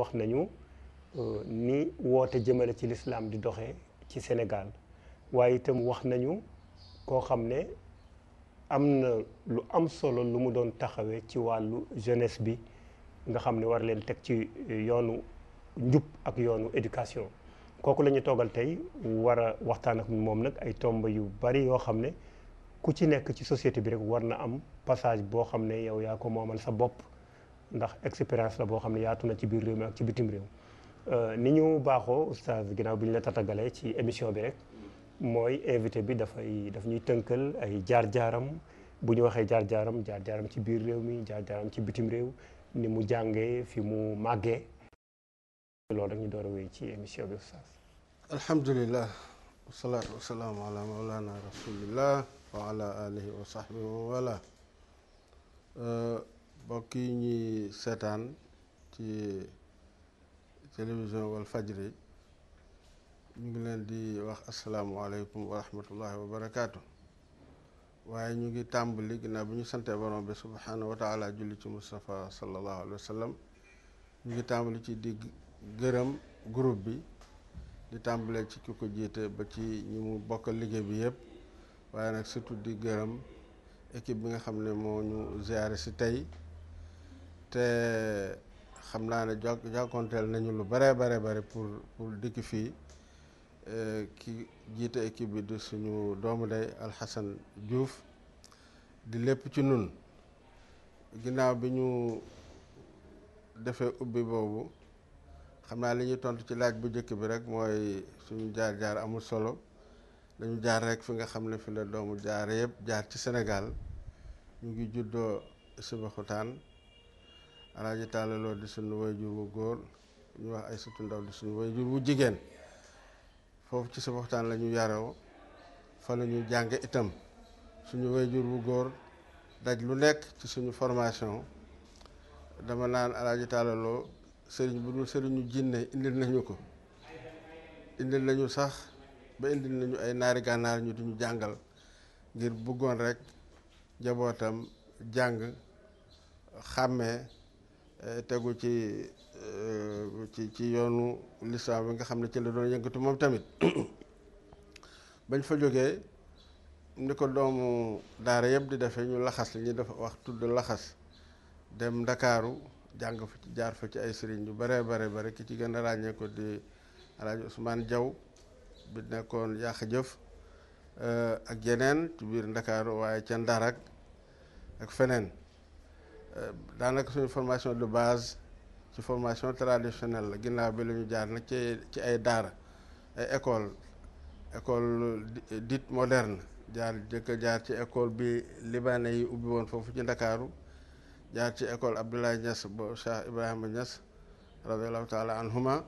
wax nañu euh, ni woote jëmale ci lislaam di doxee ci Sénégal waaye itam wax nañu koo xam ne am na lu am solo lu mu doon taxawee ci wàllu jeunesse bi nga xam ne war leen teg ci yoonu njub ak yoonu éducation kooku la ñu toogal tey war a waxtaan ak moom nag ay tomb yu bari yoo xam ne ku ci nekk ci société bi rek war na am passage boo xam ne yow yaa ko moomal sa bopp ndax expérience la boo xam ne yaatu na ci biir réew mi ak ci bitim réew euh, ni ñu baaxoo oustaz ginnaaw bi ñu la tatagalee ci émission bi rek mooy invité bi dafay daf ñuy tënkal ay jaar-jaaram bu ñu waxee jaar-jaaram jaar-jaaram ci biir réew mi jaar-jaaram ci bitim réew ni mu jànge fi mu màggee loolu rek ñu door a wéy ci émission bi oustaz alhamdulilah wasalaatu wasalaamu ala maulana rasulillah wa ala wa sahbihi wa wala euh, mbokk yi ñuy seetaan ci télévision wal faj fajri ñu ngi leen di wax asalaamualeykum wa rahmatullahi wa waaye ñu ngi tàmbali ginnaaw bi ñu santee borom bi subhaanahu wa taala julli ci Moustapha sallallahu alayhi wa sallam ñu ngi tàmbali ci di gërëm group bi di tàmbalee ci ki ko jiite ba ci ñi mu bokkal liggéey bi yëpp waaye nag surtout di gërëm équipe bi nga xam ne moo ñu ziare si tey te xam naa ne jo jànkonteel nañu lu bare bare bare pour pour dikk fii eh, ki jiite équipe bi di suñu doomu day Alxasan juuf di lépp ci nun ginnaaw bi ñu defee ubbi boobu xam naa li ñuy tontu ci laaj bu njëkk bi rek mooy suñu jaar-jaar amul solo dañu jaar rek fi nga xam ne fi la doomu jaar yëpp jaar ci senegal ñu ngi juddoo Sébikotane alaaji tàllaloo Lo di suñu wayjur wu góor ñu wax ay sutu ndaw di suñu wayjur wu jigéen foofu ci sa waxtaan la ñu yaroo fa la ñu jànge itam suñu wayjur wu góor daj lu nekk ci suñu formation dama naan alaaji Taala Lo sëriñ bu dul sëriñu jinne indil nañu ko indil nañu sax ba indil nañu ay naari gànnaar ñu duñu jàngal ngir bëggoon rekk jabootam jàng xàmmee Eh, tegu ci eh, ci ci yoonu lislaam bi nga xam ne ci la doon yëngatu moom tamit bañ fa jógee ni ko doomu daara yëpp di defee ñu laxas li dafa wax tudd laxas dem ndakaaru jàng fa ci jaar fa ci ay sëriñ yu bare bare bare ki ci gën a ràññee ko di alaaji Ousmane Diaw bi nekkoon yàq jëf eh, ak yeneen ci biir ndakaaru waaye cen Ndar ak feneen Euh, daanaka suñu formation de base ci formation traditionnelle la ginnaaw bi la ñu jaar nag ci ci ay daara ay école école dit moderne jaar jëkk jaar ci école bi libanais yi ubbi woon foofu ci ndakaaru jaar ci école Abdoulaye Niass bo Ibrahima Niass radiallahu taala anhuma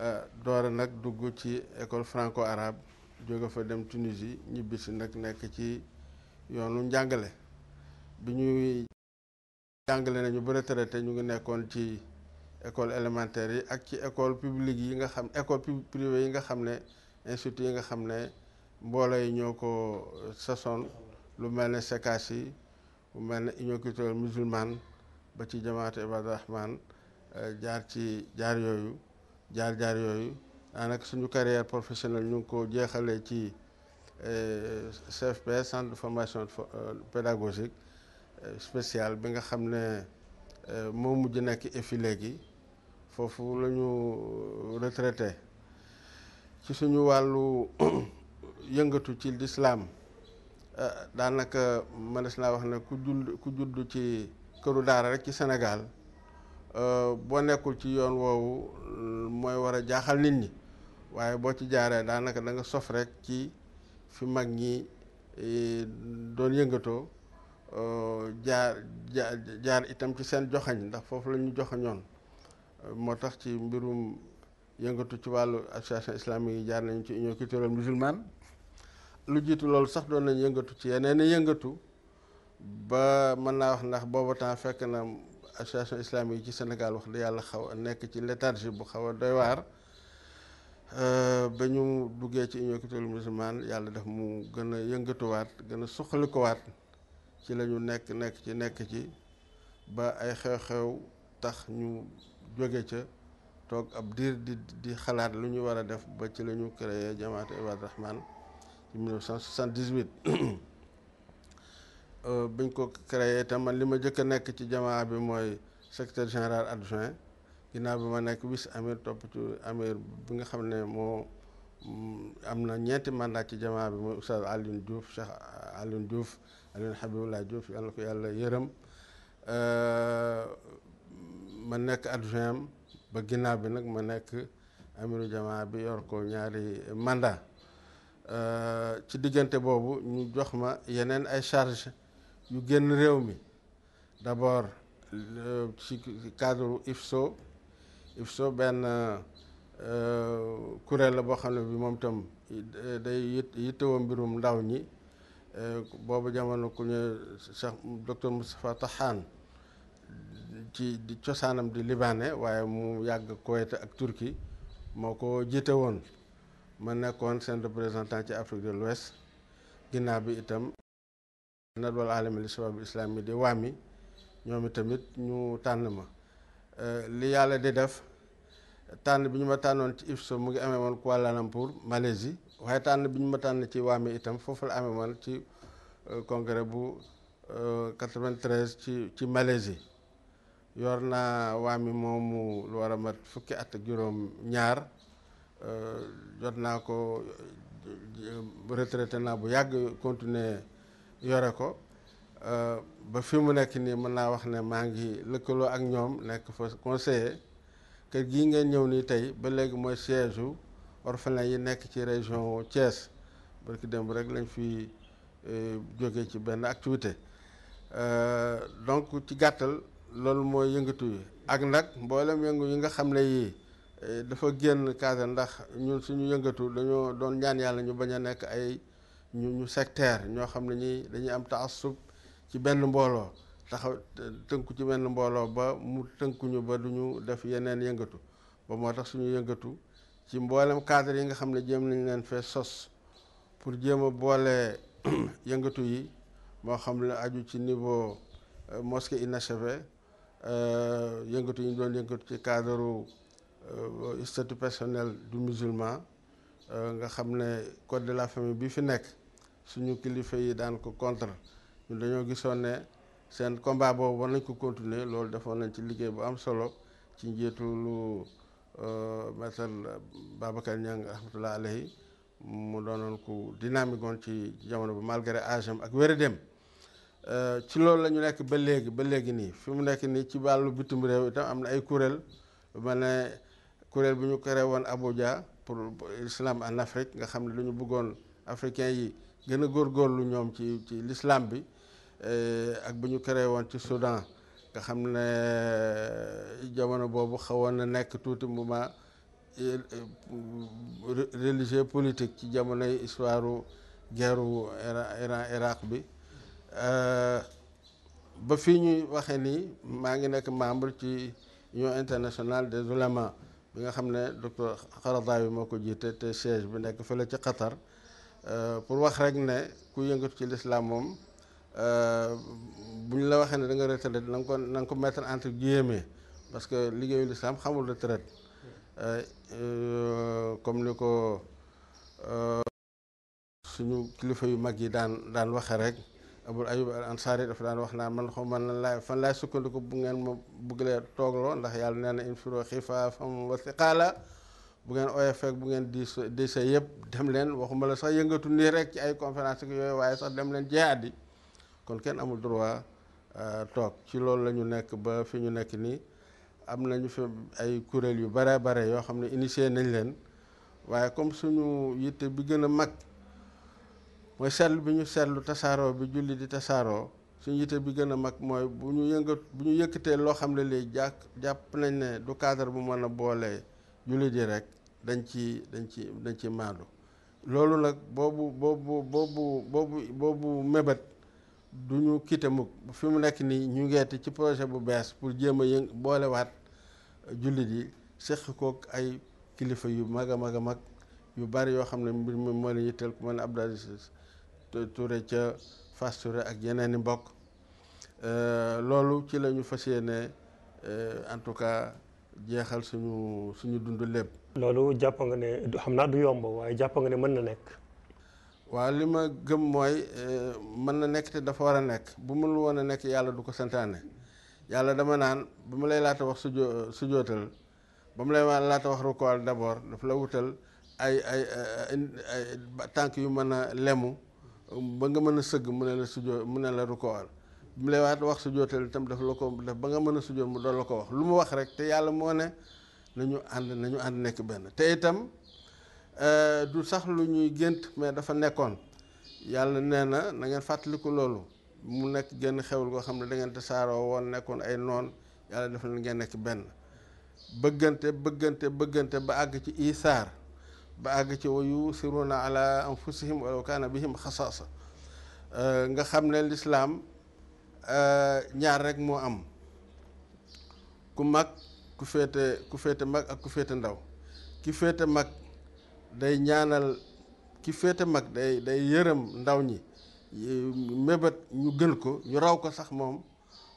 euh, nag dugg ci école franco arabe jóge fa dem Tunisie ñibbisi nag nekk ci yoonu njàngale bi ñuy jàngale nañu ba retraité ñu ngi nekkoon ci école élémentaire yi ak ci école publique yi nga xam école privée yi nga xam ne institut yi nga xam ne mboolo yi ñoo ko sasoon lu mel ne SECAS yi lu mel ne union culturelle musulmane ba ci jamaatu Ibaadu Rahmaan euh, jaar ci jaar yooyu jaar jaar yooyu daanaka suñu carrière professionnelle ñu ngi ko jeexalee ci euh, CFP centre de formation euh, pédagogique spécial bi nga xam ne euh, moo mujj nekk EFI léegi foofu la ñu euh, retraité ci suñu wàllu yëngatu ci lislaam euh, daanaka mënees naa wax ne ku juddu ci këru daara rek ci Sénégal boo nekkul ci yoon woowu mooy war a jaaxal nit ñi waaye boo ci jaaree daanaka da nga sof rek ci fi mag ñi doon yëngatoo jaar jaar jaar itam ci seen joxañ ndax foofu lañu ñu joxañoon moo tax ci mbirum yëngatu ci wàllu association islamique yi jaar nañu ci union culturelle musulmane lu jiitu loolu sax doon nañ yëngatu ci yeneen yëngatu ba mën naa wax ndax booba temps fekk na association islamique yi ci senegal wax dëgg yàlla xaw nekk ci léthargie bu xaw a doy waar euh, ba ñu duggee ci union culturelle musulmane yàlla def mu gën a yëngatuwaat gën a suqalikuwaat ci lañu nekk nekk ci nekk ci ba ay xew-xew tax ñu jóge ca toog ab diir di di xalaat lu ñu war a def ba ci lañu créé jamaatu Ibaadu Rahmaan ci 1978 euh, biñ ko créé te man li ma jëkk a nekk ci jamaa bi mooy secrétaire général adjoint ginnaaw bi ma nekk wis amir topp ci amir bi nga xam ne moo mm, am na ñeenti mandat ci jamaa bi mooy Oustaz Alioune Diouf Cheikh Alioune Diouf Alioune Habiboulah Diouf yàlla na ko yàlla yërëm euh, ma nekk adjoint am ba ginnaaw bi nag ma nekk amiru jamaa bi yor ko ñaari mandat euh, ci diggante boobu ñu jox ma yeneen ay charge yu génn réew mi d'abord euh, ci cadre IFSO IFSO benn kuréel la boo xam ne bi moom itam day yittewoo mbirum ndaw ñi boobu jamono ku ñu Cheikh docteur Moustapha ci di cosaanam di libaane waaye mu yàgg Koweït ak turki moo ko jiite woon ma nekkoon seen représentant ci Afrique de l'Ouest ginnaaw bi itam nadwal alami li shabab islami di waami ñoom itamit ñu tànn ma euh, li yàlla di def tànn bi ñu ma tànnoon ci IFSO mu ngi amee woon Kuala Lumpur Malaisie waaye tànn bi ñu ma tànn ci waame itam foofu la amee man ci euh, congrès bu 93 euh, ci ci Malaisie yor naa waame moomu lu war a mat fukki at ak juróom ñaar euh, jot naa ko retraité naa bu yàgg continuer yore ko ba fi mu nekk nii mën naa wax ne maa ngi lëkkaloo ak ñoom nekk fa conseiller kër gi ngeen ñëw nii tey ba léegi mooy siège orphelin yi nekk ci région cees barki démb rek lañ fi eh, jóge ci benn activité euh, donc ci gàttal loolu mooy yëngatu yi ak nag mboolem yëngu yi nga xam ne yii eh, dafa génn kaase ndax ñun suñu yëngatu dañoo doon ñaan yàlla ñu bañ a nekk ay ñu ñu sectaire ñoo xam ne ñi dañuy am taassub ci benn mbooloo taxaw tënku ci benn mbooloo ba mu tënkuñu ba duñu def yeneen yëngatu ba moo tax suñu yëngatu ci mboolem cadre yi nga xam ne jéem nañ leen fee sos pour jéem a boole yëngatu yi moo xam ne aju ci niveau euh, mosquée inachevée euh, yëngatu yi ñu doon yëngatu ci cadre euh, statut personnel du musulman nga xam ne code de la famille bi fi nekk suñu kilifa yi daan ko contre ñun dañoo gisoon ne seen combat boobu war nañ ko continuer loolu defoon nañ ci liggéey bu am solo ci njiitu lu Euh, maître Babacar Niang rahmatullah alayhi mu doonoon ku dynamique woon ci jamono bi malgré âge ak wér-dem euh, ci loolu lañu nekk ba léegi ba léegi nii fi mu nekk nii ci wàllu bitim réew itam am na ay kuréel ma ne kuréel bu ñu créé woon Abuja pour islam en Afrique nga xam ne lu ñu bëggoon africain yi gën a góorgóorlu ñoom ci ci l'islam bi euh, ak bu ñu créé woon ci Soudan nga xam ne eh, jamono boobu xawoon na nekk tuuti mouvement eh, eh, religieux politique ci jamonoy histoire guerre Iran Irak bi ba fii ñuy waxee ni maa ngi nekk membre ci union internationale des oulémas bi nga xam ne docteur bi moo ko jiite te siège bi nekk fële ci Qatar pour wax rek ne ku yëngatu ci lislaam moom Euh, bu ñu la waxee ne da nga retraite na nga ko na nga ko mettre entre guillemets parce que liggéeyu lislaam xamul retraite euh, comme ni ko euh, suñu kilifa yu mag yi daan daan waxe rek abul ayub al ansaari dafa daan wax naa man xam man lan laay fan laay sukkandiku bu ngeen ma toog loo ndax yàlla nee na infiro xiifaafam wa siqaala bu ngeen ooyee fekk bu ngeen di di sa yëpp dem leen waxuma la sax yëngatu nii rek ci ay conférence yooyu waaye sax dem leen jihaad yi kon kenn amul droit euh, toog ci loolu la ñu nekk ba fi ñu nekk nii am nañu fi ay kuréel yu bare bare yoo xam ne initié nañ leen waaye comme suñu yitte bi gën a mag mooy seetlu bi ñu seetlu tasaaroo bi julli di tasaaroo suñu yitte bi gën a mag mooy bu ñu yëngat bu ñu yëkkatee loo xam ne li jàkk jàpp nañ ne du cadre bu mën a boolee julli di rek dañ ci dañ ci dañ ci maandu loolu nag boobu boobu boobu boobu boobu mébét du ñu quitté mukk fi mu nekk nii ñu ngeeti ci projet bu bees pour jéem a yëng boolewaat jullit yi séq kook ay kilifa yu mag a mag a mag yu bari yoo xam ne mbir mi moo leen yitteel ku mel ne Abdou Aziz Touré ca fasture ak yeneen i mbokk euh, loolu ci lañu ñu fas yéene euh, en tout cas jeexal suñu suñu dund lépp. loolu jàpp nga ne xam naa du yomb waaye jàpp nga ne mën na nekk. waaw li ma gëm mooy eh, mën na nekk te dafa war a nekk bu mënul woon a nekk yàlla du ko santaane yàlla dama naan bu mu lay laata wax sujo sujootal ba mu lay laata wax rukool d'abord dafa la wutal ay ay eh, tànk yu mën a lemu ba nga mën a sëgg mu ne la sujoo mu ne la rukool ba mu lay waat wax sujootal itam dafa la ko def ba nga mën a sujoot mu doon la ko wax lu mu wax rek te yàlla moo ne nañu ànd nañu ànd nekk benn te itam Euh, du sax lu ñuy gént mais dafa nekkoon yàlla nee na na ngeen fàttaliku loolu mu nekk genn xewul koo xam ne da ngeen tasaaroo woon nekkoon ay noon yàlla def na ngeen nekk benn bëggante bëggante bëggante ba àgg ci isaar ba àgg ci wayu siruna ala anfusihim walaw kaana bihim xasaasa euh, nga xam ne lislaam euh, ñaar rek moo am ku mag ku féete ku féete mag ak ku féete ndaw ki féete mag day ñaanal ki féete mag day day yërëm ndaw ñi mébét ñu gën ko ñu raw ko sax moom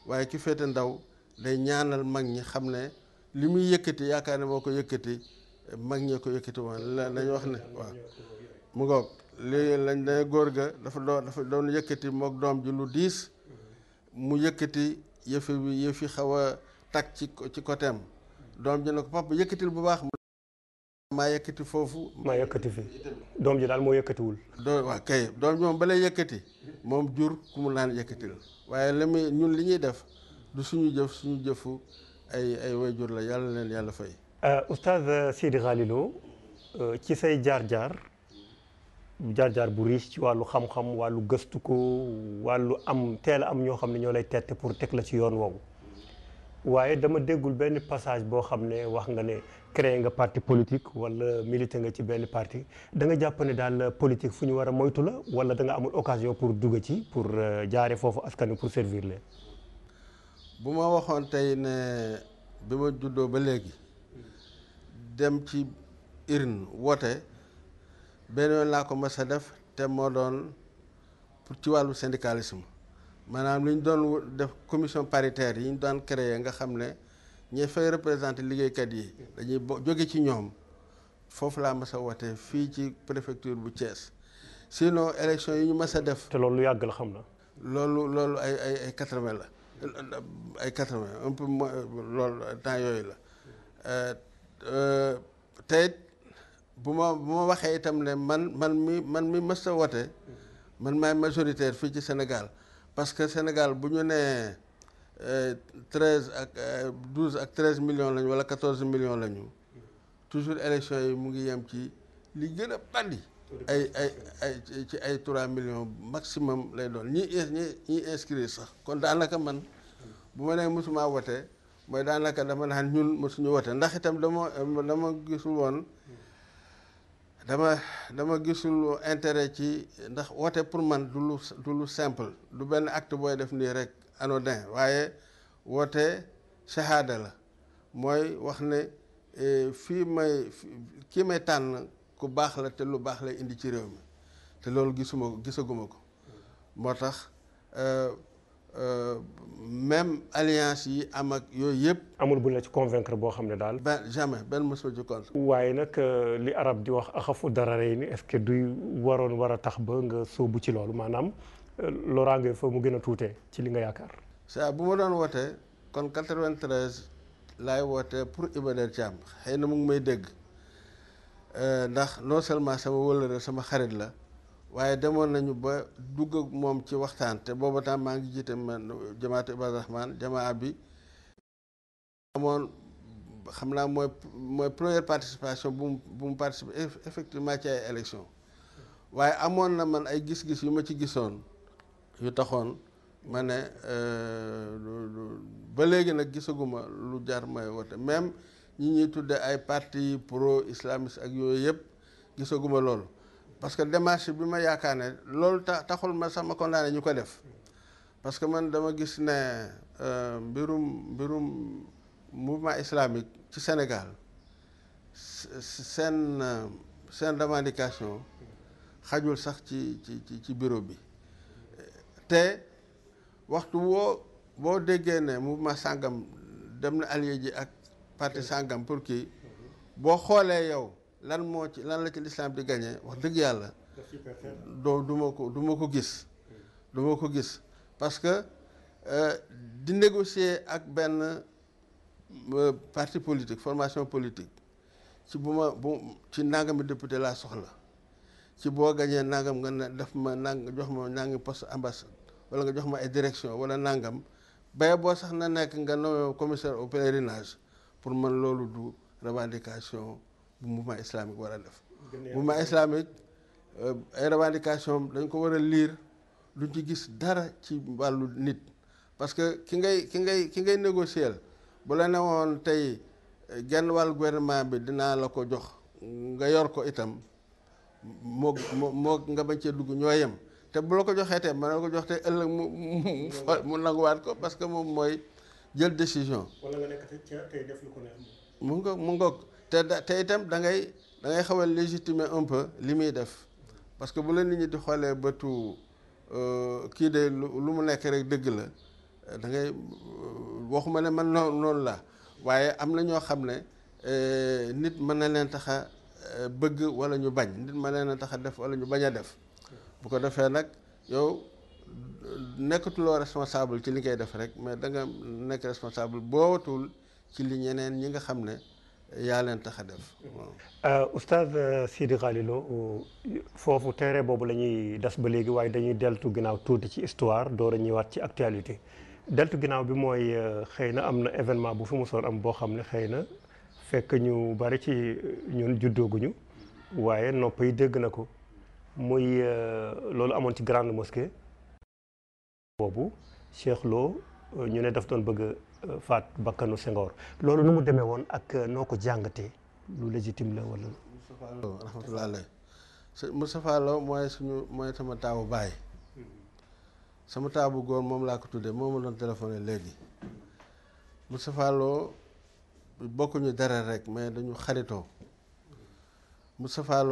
waaye ki féete ndaw day ñaanal mag ñi xam ne li muy yëkkati yaakaar ne moo ko yëkkati mag ñee ko yëkkati woon la lañ wax ne waaw mu ngoog léegi lañ day góor ga dafa doon dafa doon yëkkati moog doom ji lu diis mu yëkkati yëfi bi yëfi xaw a tag ci ci côté am doom ji ne ko papa yëkkatil bu baax maa yëkkati foofu. maa yëkkati fi doom ji daal moo yëkkatiwul. doo waaw doom ji moom ba yëkkati moom jur ku mu naan yëkkati la waaye la muy ñun li ñuy def du suñu jëf suñu jëfu ay ay jur la yàlla leen yàlla fay. Euh, Oustaz Seydi Khalilou euh, ci say jaar-jaar jaar-jaar bu riche ci wàllu xam-xam wàllu gëstu ko wàllu am teel am ñoo xam ne ñoo lay teet pour teg la ci yoon woowu. waaye dama déggul benn passage boo xam ne wax nga ne créé nga parti politique wala milité nga ci benn parti da nga jàpp ne daal politique fu ñu war a moytu la wala danga amul occasion pour dugg ci pour euh, jaare foofu askan pour servir bu ma waxoon tey ne bi ma juddoo ba léegi dem ci urne woote benn yoon laa ko mas a def te moo doon pour ci wàllu syndicalisme. maanaam lu ñu doon def commission paritaire yi ñu daan créer nga xam ne ñi fay représenter liggéeykat yi dañuy jóge ci ñoom foofu laa mas a wootee fii ci préfecture bu Thiès sinon élection yi ñu mas a def. te loolu lu yàgg la xam na. loolu loolu ay ay ay quatre la ay quatre-vingt un peu moins loolu temps yooyu la euh, euh, tey bu ma bu ma waxee itam ne man man mi man mi mas a wote man maay majoritaire fii ci Sénégal. parce que Sénégal bu ñu nee euh, treize ak euh, douze ak treize millions lañu wala quatorze millions lañu toujours élection yi mu ngi yem ci li gën a bari ay ay ay ci ay trois millions maximum lay doon ñi ñi ñi inscrire sax kon daanaka man bu ma nee mosuma wote mooy daanaka dama naan ñun mosuñu wote ndax itam dama dama gisul woon dama dama gisul intérêt ci ndax woote pour man du lu lu simple du benn acte booy def nii rek anodin waaye woote shahada la mooy wax ne eh, fii may kii may tànn ku baax la te lu baax la indi ci réew mi te loolu gisuma gisaguma ko moo tax eh, Euh, même alliance yi am ak yooyu yëpp. amul bu la ci convaincre boo xam ne daal. ben jamais benn mosul ci contre. waaye nag euh, li arab di wax axafu dara rey ni est-ce que duy waroon war a tax ba nga sóobu ci loolu maanaam euh, loraange fa mu gën a tuutee ci li nga yaakaar. saa bu ma doon wootee kon 93 laay wootee pour Iba Der Thiam xëy na mu ngi may dégg ndax non seulement sama wëllëre sama xarit la. waaye demoon nañu ba dugg moom ci waxtaan te booba tam maa ngi jiite man jamaatu Ibadu Rahman jamaa bi amoon xam naa mooy mooy première participation bu mu bu mu effectivement ci ay élection waaye amoon na man ay gis-gis yu ma ci gisoon yu taxoon ma ne euh, ba léegi nag gisaguma lu jar may wote même ñi ñuy tudde ay parti pro islamiste ak yooyu yëpp gisaguma loolu parce que démarche bi ma yaakaar ne loolu ta taxul ma sama condamné ñu ko def parce que man dama gis ne euh, mbirum mbirum mouvement islamique ci Sénégal seen seen revendication xajul sax ci ci ci bureau bi te waxtu woo boo déggee ne mouvement sàngam dem na allié ji ak parti sàngam pour kii boo xoolee yow lan moo ci lan la ci lislaam di gañee wax dëgg yàlla doo duma ko duma ko gis du ma ko gis parce que euh, di négocier ak benn euh, parti politique formation politique ci bu ma bu ci nangami député laa soxla ci boo gañee nangam nga ne def ma nang jox ma nangi poste ambassade wala nga jox ma ay direction wala nangam bay boo sax na nekk nga nommé commissaire au pèlerinage pour man loolu du revendication bu mouvement islamique war a def mouvement islamique euh, ay dañ ko war a liir duñ ci gis dara ci wàllu nit parce que ki ngay ki ngay ki ngay négocier bu la newoon tey euh, genn wàllu gouvernement bi dinaa la ko jox nga yor ko itam moo moo moo nga bañ cee dugg ñoo yem te bu la ko joxee tey mën ko jox te ëllëg mu mu nanguwaat ko parce que moom mooy jël décision. wala nga mu ngoog mu ngoog te te itam dangay ngay da ngay xaw a légitimer un peu li muy def parce que bu la nit ñi di xoolee bëtu euh, kii de lu mu nekk rek dëgg la da ngay euh, waxuma ne man noonu la waaye am na ñoo xam ne euh, nit mën na leen tax a bëgg wala ñu bañ nit mën na leen tax a def wala ñu bañ a def bu ko defee nag yow nekkatuloo responsable ci li ngay def rek mais da nga nekk responsable boowatul ci li ñeneen ñi nga xam ne. yaa leen tax a def waaw. Euh, oustaz euh, Sidi Khalilou foofu tere boobu lañuy des ba léegi waaye dañuy deltu ginnaaw tuuti ci histoire door a ñëwaat ci actualité deltu ginnaaw bi mooy euh, xëy na am na événement bu fi mosoon am boo xam ne xëy na fekk ñu bari ci ñun juddooguñu waaye nopp yi dégg na ko muy loolu amoon ci grande mosquée. boobu Cheikh ñu ne daf doon bëgg faat bakkanu Senghor loolu nu mu demee woon ak euh, noo ko jàngatee lu légitime la wala. Moustapha Lo rahmatulah mooy suñu mooy sama taawu baay sama taabu góor moom laa ko tuddee moom ma doon téléphoné léegi Moustapha Lo bokkuñu dara rek mais dañu xaritoo Moustapha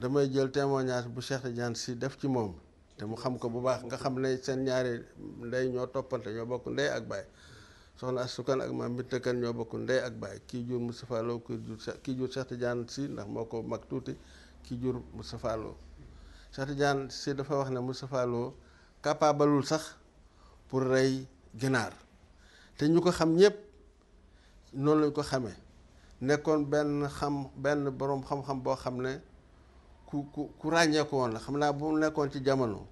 damay jël témoignage bu Cheikh Tidiane si def ci moom te mu xam ko bu baax nga xam ne seen ñaari ndey ñoo toppante ñoo bokk ndey ak baay. soxna asukan ak maam Binta Kane ñoo bokk ndey ak baay kii jur Moustapha Lo kii jur kii jur Cheikh si ndax moo ko mag tuuti kii jur Moustapha Lo Cheikh si dafa wax ne Moustapha Lo capableul sax pour rey ginaar te ñu ko xam ñëpp noonu lañ ko xamee nekkoon benn xam benn boroom xam-xam boo xam ne ku ku ku ràññee ko la xam naa bu nekkoon ci jamono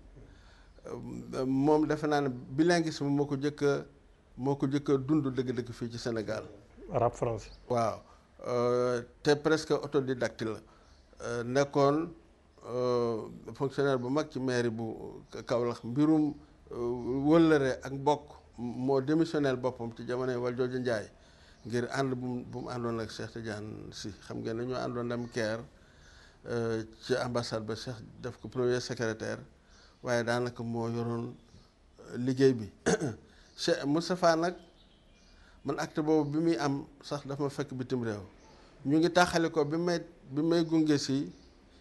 euh, moom defe naa ne bilinguisme moo ko jëkk moo ko njëkk a dund dëgg-dëgg fii ci Sénégal. arabe français. waaw euh, te presque autodidacte la euh, nekkoon euh, fonctionnaire bu mag ci mairie bu Kaolack mbirum wëllëre ak mbokk moo démissionnel boppam ci jamonoy Valdiodio Ndiaye ngir ànd bu bu mu àndoon ak Cheikh Tidiane Sy xam ngeen ne ñoo àndoon am keer ci ambassade ba Cheikh def ko premier secrétaire waaye daanaka moo yoroon liggéey bi. Cheikh mustafaa nag man acte boobu bi muy am sax dafa ma fekk bitim réew ñu ngi taxali ko bi may bi may gunge si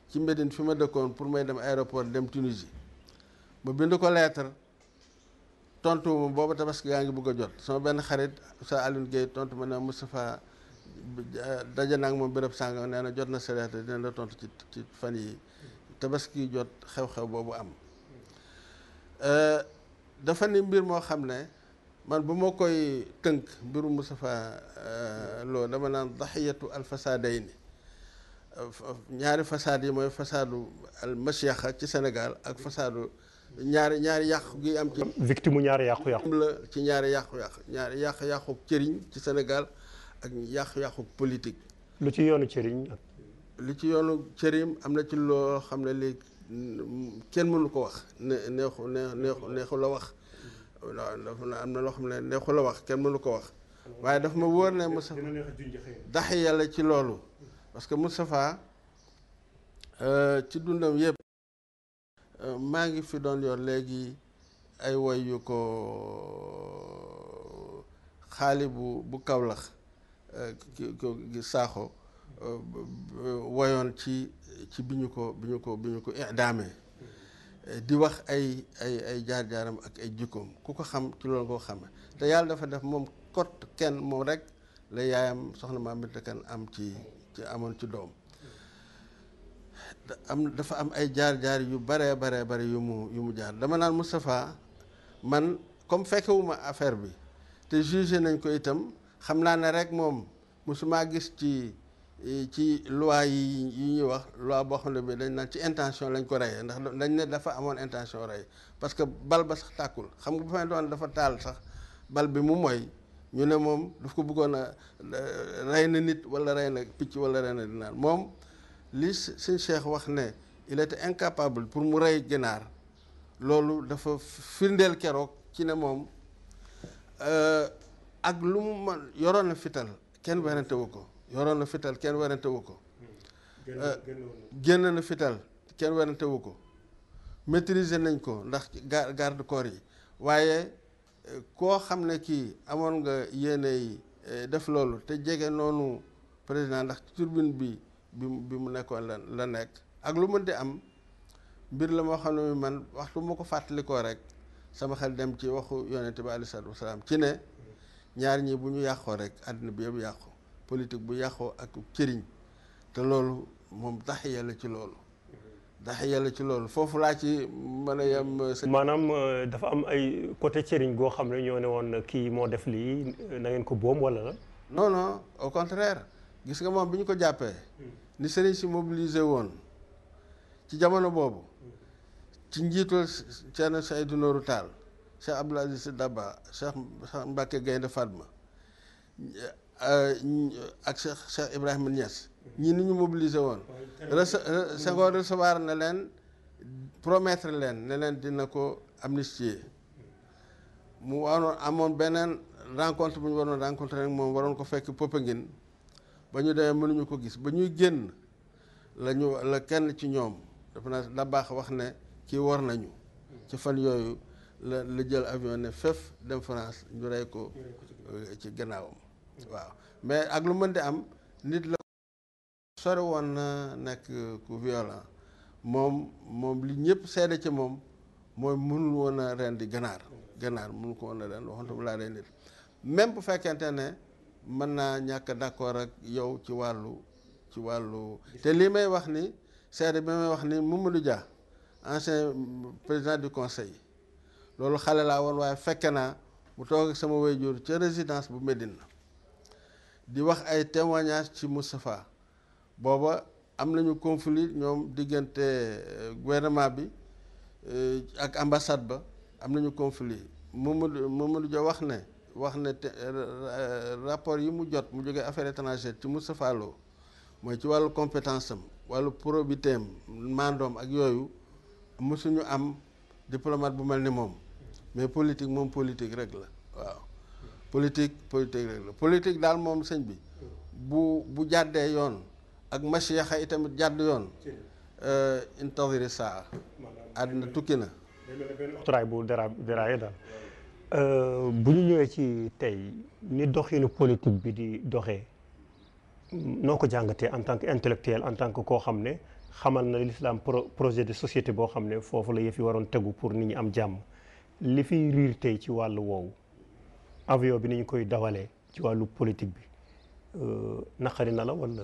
ci Médine fi ma dëkkoon pour may dem aéroport dem Tunisie ba bind ko lettre tontu ma booba tabaski gaa ngi bëgg a jot sama benn xarit sa Alioune Guèye tontu ma ne Moustapha daje naa moom bërëb sàngam nee na jot na sa lettre dina la tontu ci ci fan yi tabaski jot xew-xew boobu am euh, dafa ni mbir moo xam ne man bu ma koy tënk mbiru Moustapha euh, Lo dama naan daxiyatu alfasaadayni ñaari fasaad yi mooy fasaadu al masyaxa ci Sénégal ak fasaadu ñaari ñaari yàqu gi am ci victime ñaari yàqu la ci ñaari yàqu ñaari yàqu-yàqu cëriñ ci senegal ak yàqu-yàqu politique lu ci yoonu cëriñ lu ci yoonu cëriñ am na ci loo xam ne léegi kenn mënu ko wax ne neexu neexu neexu la wax dafa na am na loo xam ne neexu la wax kenn mënu ko wax waaye daf ma wóor ne Moustapha dax yàlla ci loolu parce que Moustapha euh, ci dundam yëpp euh, maa ngi fi doon yoon léegi ay woy yu ko xaali bu bu Kawlax euh, ki saaxo woyoon ci ci bi ñu ko bi ñu ko bi ñu ko idaamee di wax ay ay ay jaar-jaaram ak ay jikkoom ku ko xam ci loolu nga xam xame te yàlla dafa def moom kot kenn moom rek la yaayam soxna Maam Binta kenn am ci ci amoon ci doom am dafa am ay jaar-jaar yu bare bare bare yu mu yu mu jaar dama naan Moustapha man comme fekkewuma affaire bi te jugé nañ ko itam xam naa ne rek moom musuma gis ci Eh, ci loi yi yi ñuy wax loi boo xam ne bi dañ naan ci intention lañ ko reyee ndax dañ ne dafa amoon intention rey parce que bal ba sax tàkkul xam nga bu fay doon dafa taal sax bal bi mu mooy ñu ne moom daf ko bëggoon a eh, rey na nit wala rey na picc wala rey na dinaar moom li suñ cheikh wax ne il était incapable pour mu rey ginaar loolu dafa firndeel keroog ci ne moom eh, ak lu mu mën yoroon na fital kenn werante wu ko yoroon na fital kenn werante wu ko hmm. euh, génn na fital kenn werante wu ko maîtriser nañ ko ndax gar garde corps yi waaye euh, koo xam ne kii amoon nga yéeney euh, def loolu te jege noonu président ndax turbine bi bi mu nekkoon la la nekk ak lu mën di am mbir la moo xam ne man waxtu ma ko fàttalikoo rek sama xel dem ci waxu yonente bi aleyhi salaatu wasalaam ci ne hmm. ñaar ñi bu ñu yàqoo rek àddina bi yëpp yàqu politique bu yàqoo ak cëriñ te loolu moom taxiya yàlla ci loolu taxiya yàlla ci loolu foofu laa ci man a yem euh, maanaam euh, dafa am ay côté cëriñ goo xam ne ñoo ne woon kii moo def lii na ko boom wala la non au contraire gis nga moom bi ñu ko jàppee ni sëriñ si mobilisé woon ci jamono boobu ci njiitul Thierno Seydou Nourou taal Cheikh Abdoul Aziz Dabba Cheikh Cheikh Mbacké Gaynde Fatma ak Cheikh Cheikh Ibrahima Niass ñi ni ñu mobilisé woon Senghor recevoir na leen promettre leen ne leen dina ko amnistier mu waroon amoon beneen rencontre bu ñu waroon rencontre nag moom waroon ko fekk Popenguine ba ñu demee mënuñu ko gis ba ñuy génn la ñu kenn ci ñoom dafa naa la baax wax ne kii war nañu ci fan yooyu la la jël avion ne fépp dem France ñu rey ko euh, ci gannaawam waaw mais ak lu mën di am nit la sore woon na nekk ku violent moom moom li ñëpp seede ci moom mooy mënul woon a ren di ganaar ganaar mënu ko woon a ren waxantu mu laa day nit même bu fekkente ne mën naa ñàkk d'accord ak yow ci wàllu ci wàllu te lii may wax ni seede bi may wax ni Mamadou Dia ancien président du conseil loolu xale laa woon waaye fekke naa mu toog sama waajur ca résidence bu Médine di wax ay témoignages ci Moustapha booba am nañu conflit ñoom diggante euh, gouvernement bi euh, ak ambassade ba am nañu conflit Mamadou Mamadou Dia wax ne wax ne euh, rapport yi mu jot mu jóge affaire étrangère ci Moustapha mooy ci wàllu compétence am wàllu probité am ak yooyu mësuñu am diplomate bu mel ni moom mais politique moom politique rek la politique politique rek la politique daal moom sëñ bi bu bu jàddee yoon ak masiyaxa itamit jàdd yoon intaziri euh, saa àddina tukki na oxturaay bu dara déraaye daal euh, bu ñu ñëwee ci tey ni doxinu politique bi di doxee noo ko jàngatee en tant que intellectuel en tant que koo xam ne xamal na fi l'islam projet de société boo xam ne foofu la yëf yi waroon tegu pour nit ñi am jàmm li fi riir tey ci wàll woowu avion bi ñu koy dawalee ci wàllu politique bi euh, naqari na la wala.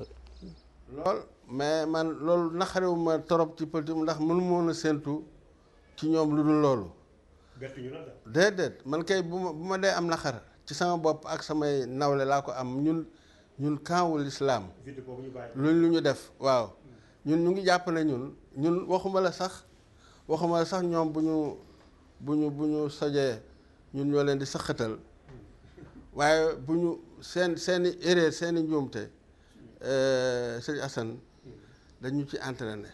lool mais man loolu naqariwuma torop ci politique ndax mënu moon a séentu ci ñoom lu dul loolu. déedéet man kay bu ma ma dee am naqar ci sama bopp ak samay nawle laa ko am ñun ñun kaawul islaam luñ lu ñu def waaw ñun ñu ngi jàpp ne ñun ñun waxuma la sax waxuma la sax ñoom bu ñu bu ñu bu ñu sojee ñun ñoo leen di sëqatal waaye bu ñu seen seeni erreur seeni njuumte euh, sëñ Assane dañu ci entraîné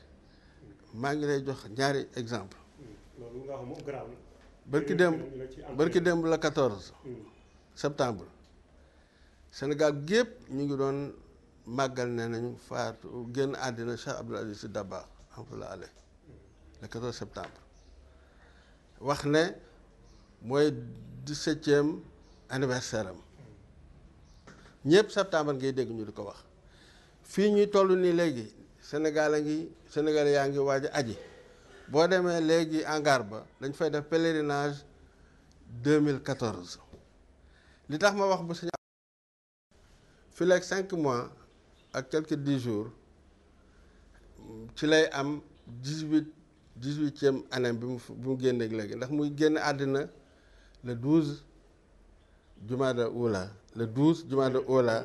maa ngi lay jox ñaari exemple loolu nga bërki démb bërki démb la quatorze hmm. septembre Sénégal gépp ñu ngi doon màggal ne nañu faatu génn àddina Cheikh Abdoul Aziz Sy Dabakh rahmatullah alayh le quatorze septembre wax ne mooy dix-septième anniversaire am ñëpp septembre ngay dégg ñu du ko wax fii ñuy toll nii léegi senegal a ngi Sénégal yaa ngi waaj a aji boo demee léegi hangar ba dañ fay def pèlerinage 2014 li tax ma wax bu si fi leeg cinq mois ak quelques dix jours ci lay am dix-huit dix-huitième année bi mu bi mu génneeg léegi ndax muy génn àddina le douze jumaada oula le douze jumaada oula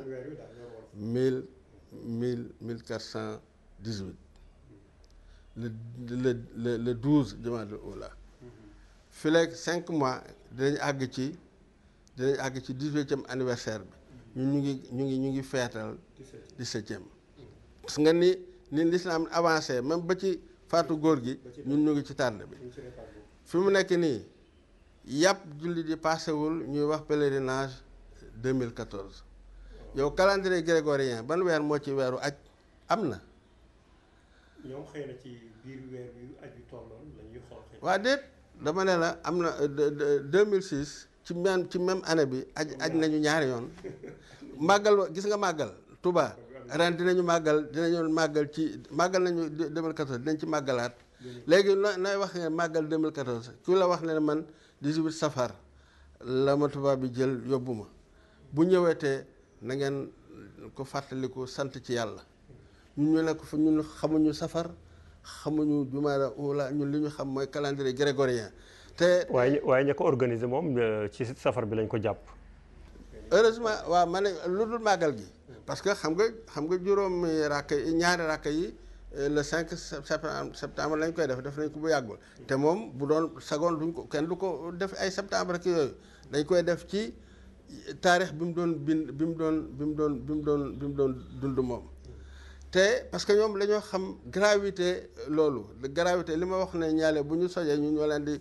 mille mille mille quatre cent dix huit le le le le douze jumaada oula fi leeg cinq mois dinañ àgg ci dinañ àgg ci dix huitième anniversaire bi ñu ñu ngi ñu ngi ñu ngi feetal dix septième parce nga ni ni l'islam avancé même ba ci faatu góor gi ñun ñu ngi ci tànn bi fi mu nekk nii yàpp julli di paasewul ñuy wax pèlerinage 2014 yow calendrier grégorien ban weer moo ci weeru aj am na. ñoom xëy na ci biir weer waa déet dama ne la am na 2006 euh, ci même ci même année bi aj aj nañu ñaari yoon màggal gis nga màggal Touba ren dinañu màggal dinañu màggal ci màggal nañu 2014 dinañ ci màggalaat léegi nooy wax ne màggal 2014 ku la wax ne man. 18 safar la ma tubaab bi jël yóbbu ma bu ñëweetee na ngeen ko fàttaliku sant ci yàlla ñun ñu nekk fa ñun xamuñu safar xamuñu jumaada wala ñu li ñu xam mooy calendrier grégorien te. waaye waaye ña ko organisé moom euh, ci safar bi lañ ko jàpp. heureusement waaw ma ne lu dul màggal gi. parce que xam nga xam nga juróomi rakk yi ñaari rakk yi. Euh, le 5 septembre lañ koy def def nañ ko bu yàggul te moom bu doon sagoon duñ ko kenn du ko def ay septembre ak yooyu dañ koy def ci taarix bi mu doon bind bi mu doon bi mu doon bi mu doon bi doon dund moom te parce que ñoom dañoo xam gravité loolu gravité li ma wax ne ñaale bu ñu sojee ñu ñoo leen di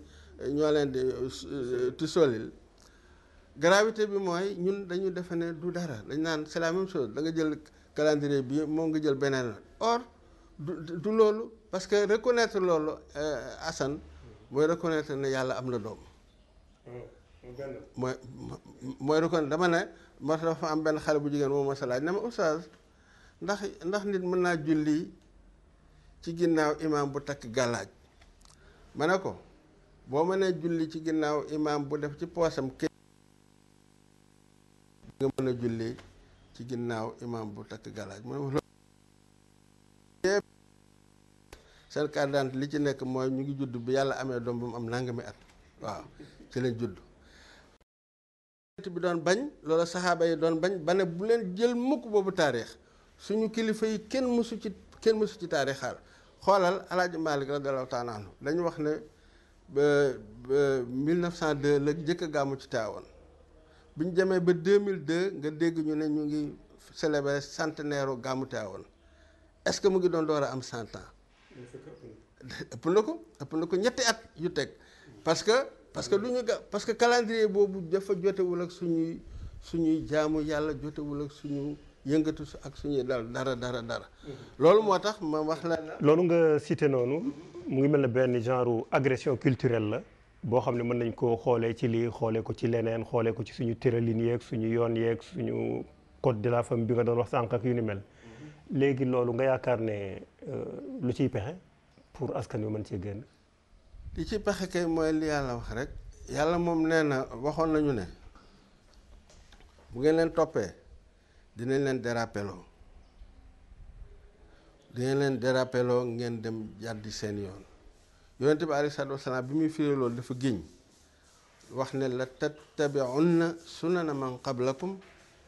ñoo leen di euh, tisolil gravité bi mooy ñun dañu defe ne du dara dañ naan c'est la même chose da nga jël calendrier bi moom ngi jël beneen or du du loolu parce que reconnaître loolu euh, Assane mooy reconnaître ne yàlla am na doom mooy mooy reconnaître dama ne benn xale bu jigéen moom ma sa ndax ndax nit mën naa julli ci ginnaaw imaam bu takk gàllaaj ma ne ko boo mënee julli ci ginnaaw imaam bu def ci poosam kay nga mën julli ci ginnaaw imaam bu takk gàllaaj mu ne seen carte d'identité li ci nekk mooy ñu ngi judd bi yàlla amee doom bu mu am nangami at waaw ci leen judd bi doon bañ loolu saxaaba yi doon bañ ba ne bu leen jël mukk boobu taarix suñu kilifa yi kenn mësu ci kenn mësu ci taarixaal xoolal alaaji Malik radiyallahu taala anhu dañu wax ne ba 1902 la jëkk a gàmmu ci taawoon bi ñu demee ba 2002 nga dégg ñu ne ñu ngi célébrer centenaire gàmmu taawoon est-ce que mu ngi doon door a am cent ëpp na ko ëpp na ko ñetti at yu teg parce que parce que lu ñu ga parce que calendrier boobu dafa jotewul ak suñuy suñuy jaamu yàlla jotewul ak suñu yëngatu su ak suñuy daal dara dara dara loolu moo tax ma wax la loolu nga cité noonu mu ngi mel ne benn genre agression culturelle la boo xam ne mën nañ koo xoolee ci lii xoolee ko ci leneen xoolee ko ci suñu tëralin yeeg suñu yoon yeeg suñu code de la famille bi nga doon wax sànq ak yu ni mel léegi loolu nga yaakaar ne euh, lu ciy pexe pour askan wi mën cee génn. li ci pexe kay mooy li yàlla wax rek yàlla moom nee na waxoon nañu ne bu ngeen leen toppee dinañ leen dérapeloo dinañ leen dérapeloo ngeen dem jàddi seen yoon yonente bi aleyhi salaatu wasalaam bi muy firi loolu dafa giñ wax ne la tattabi'unna sunana man qablakum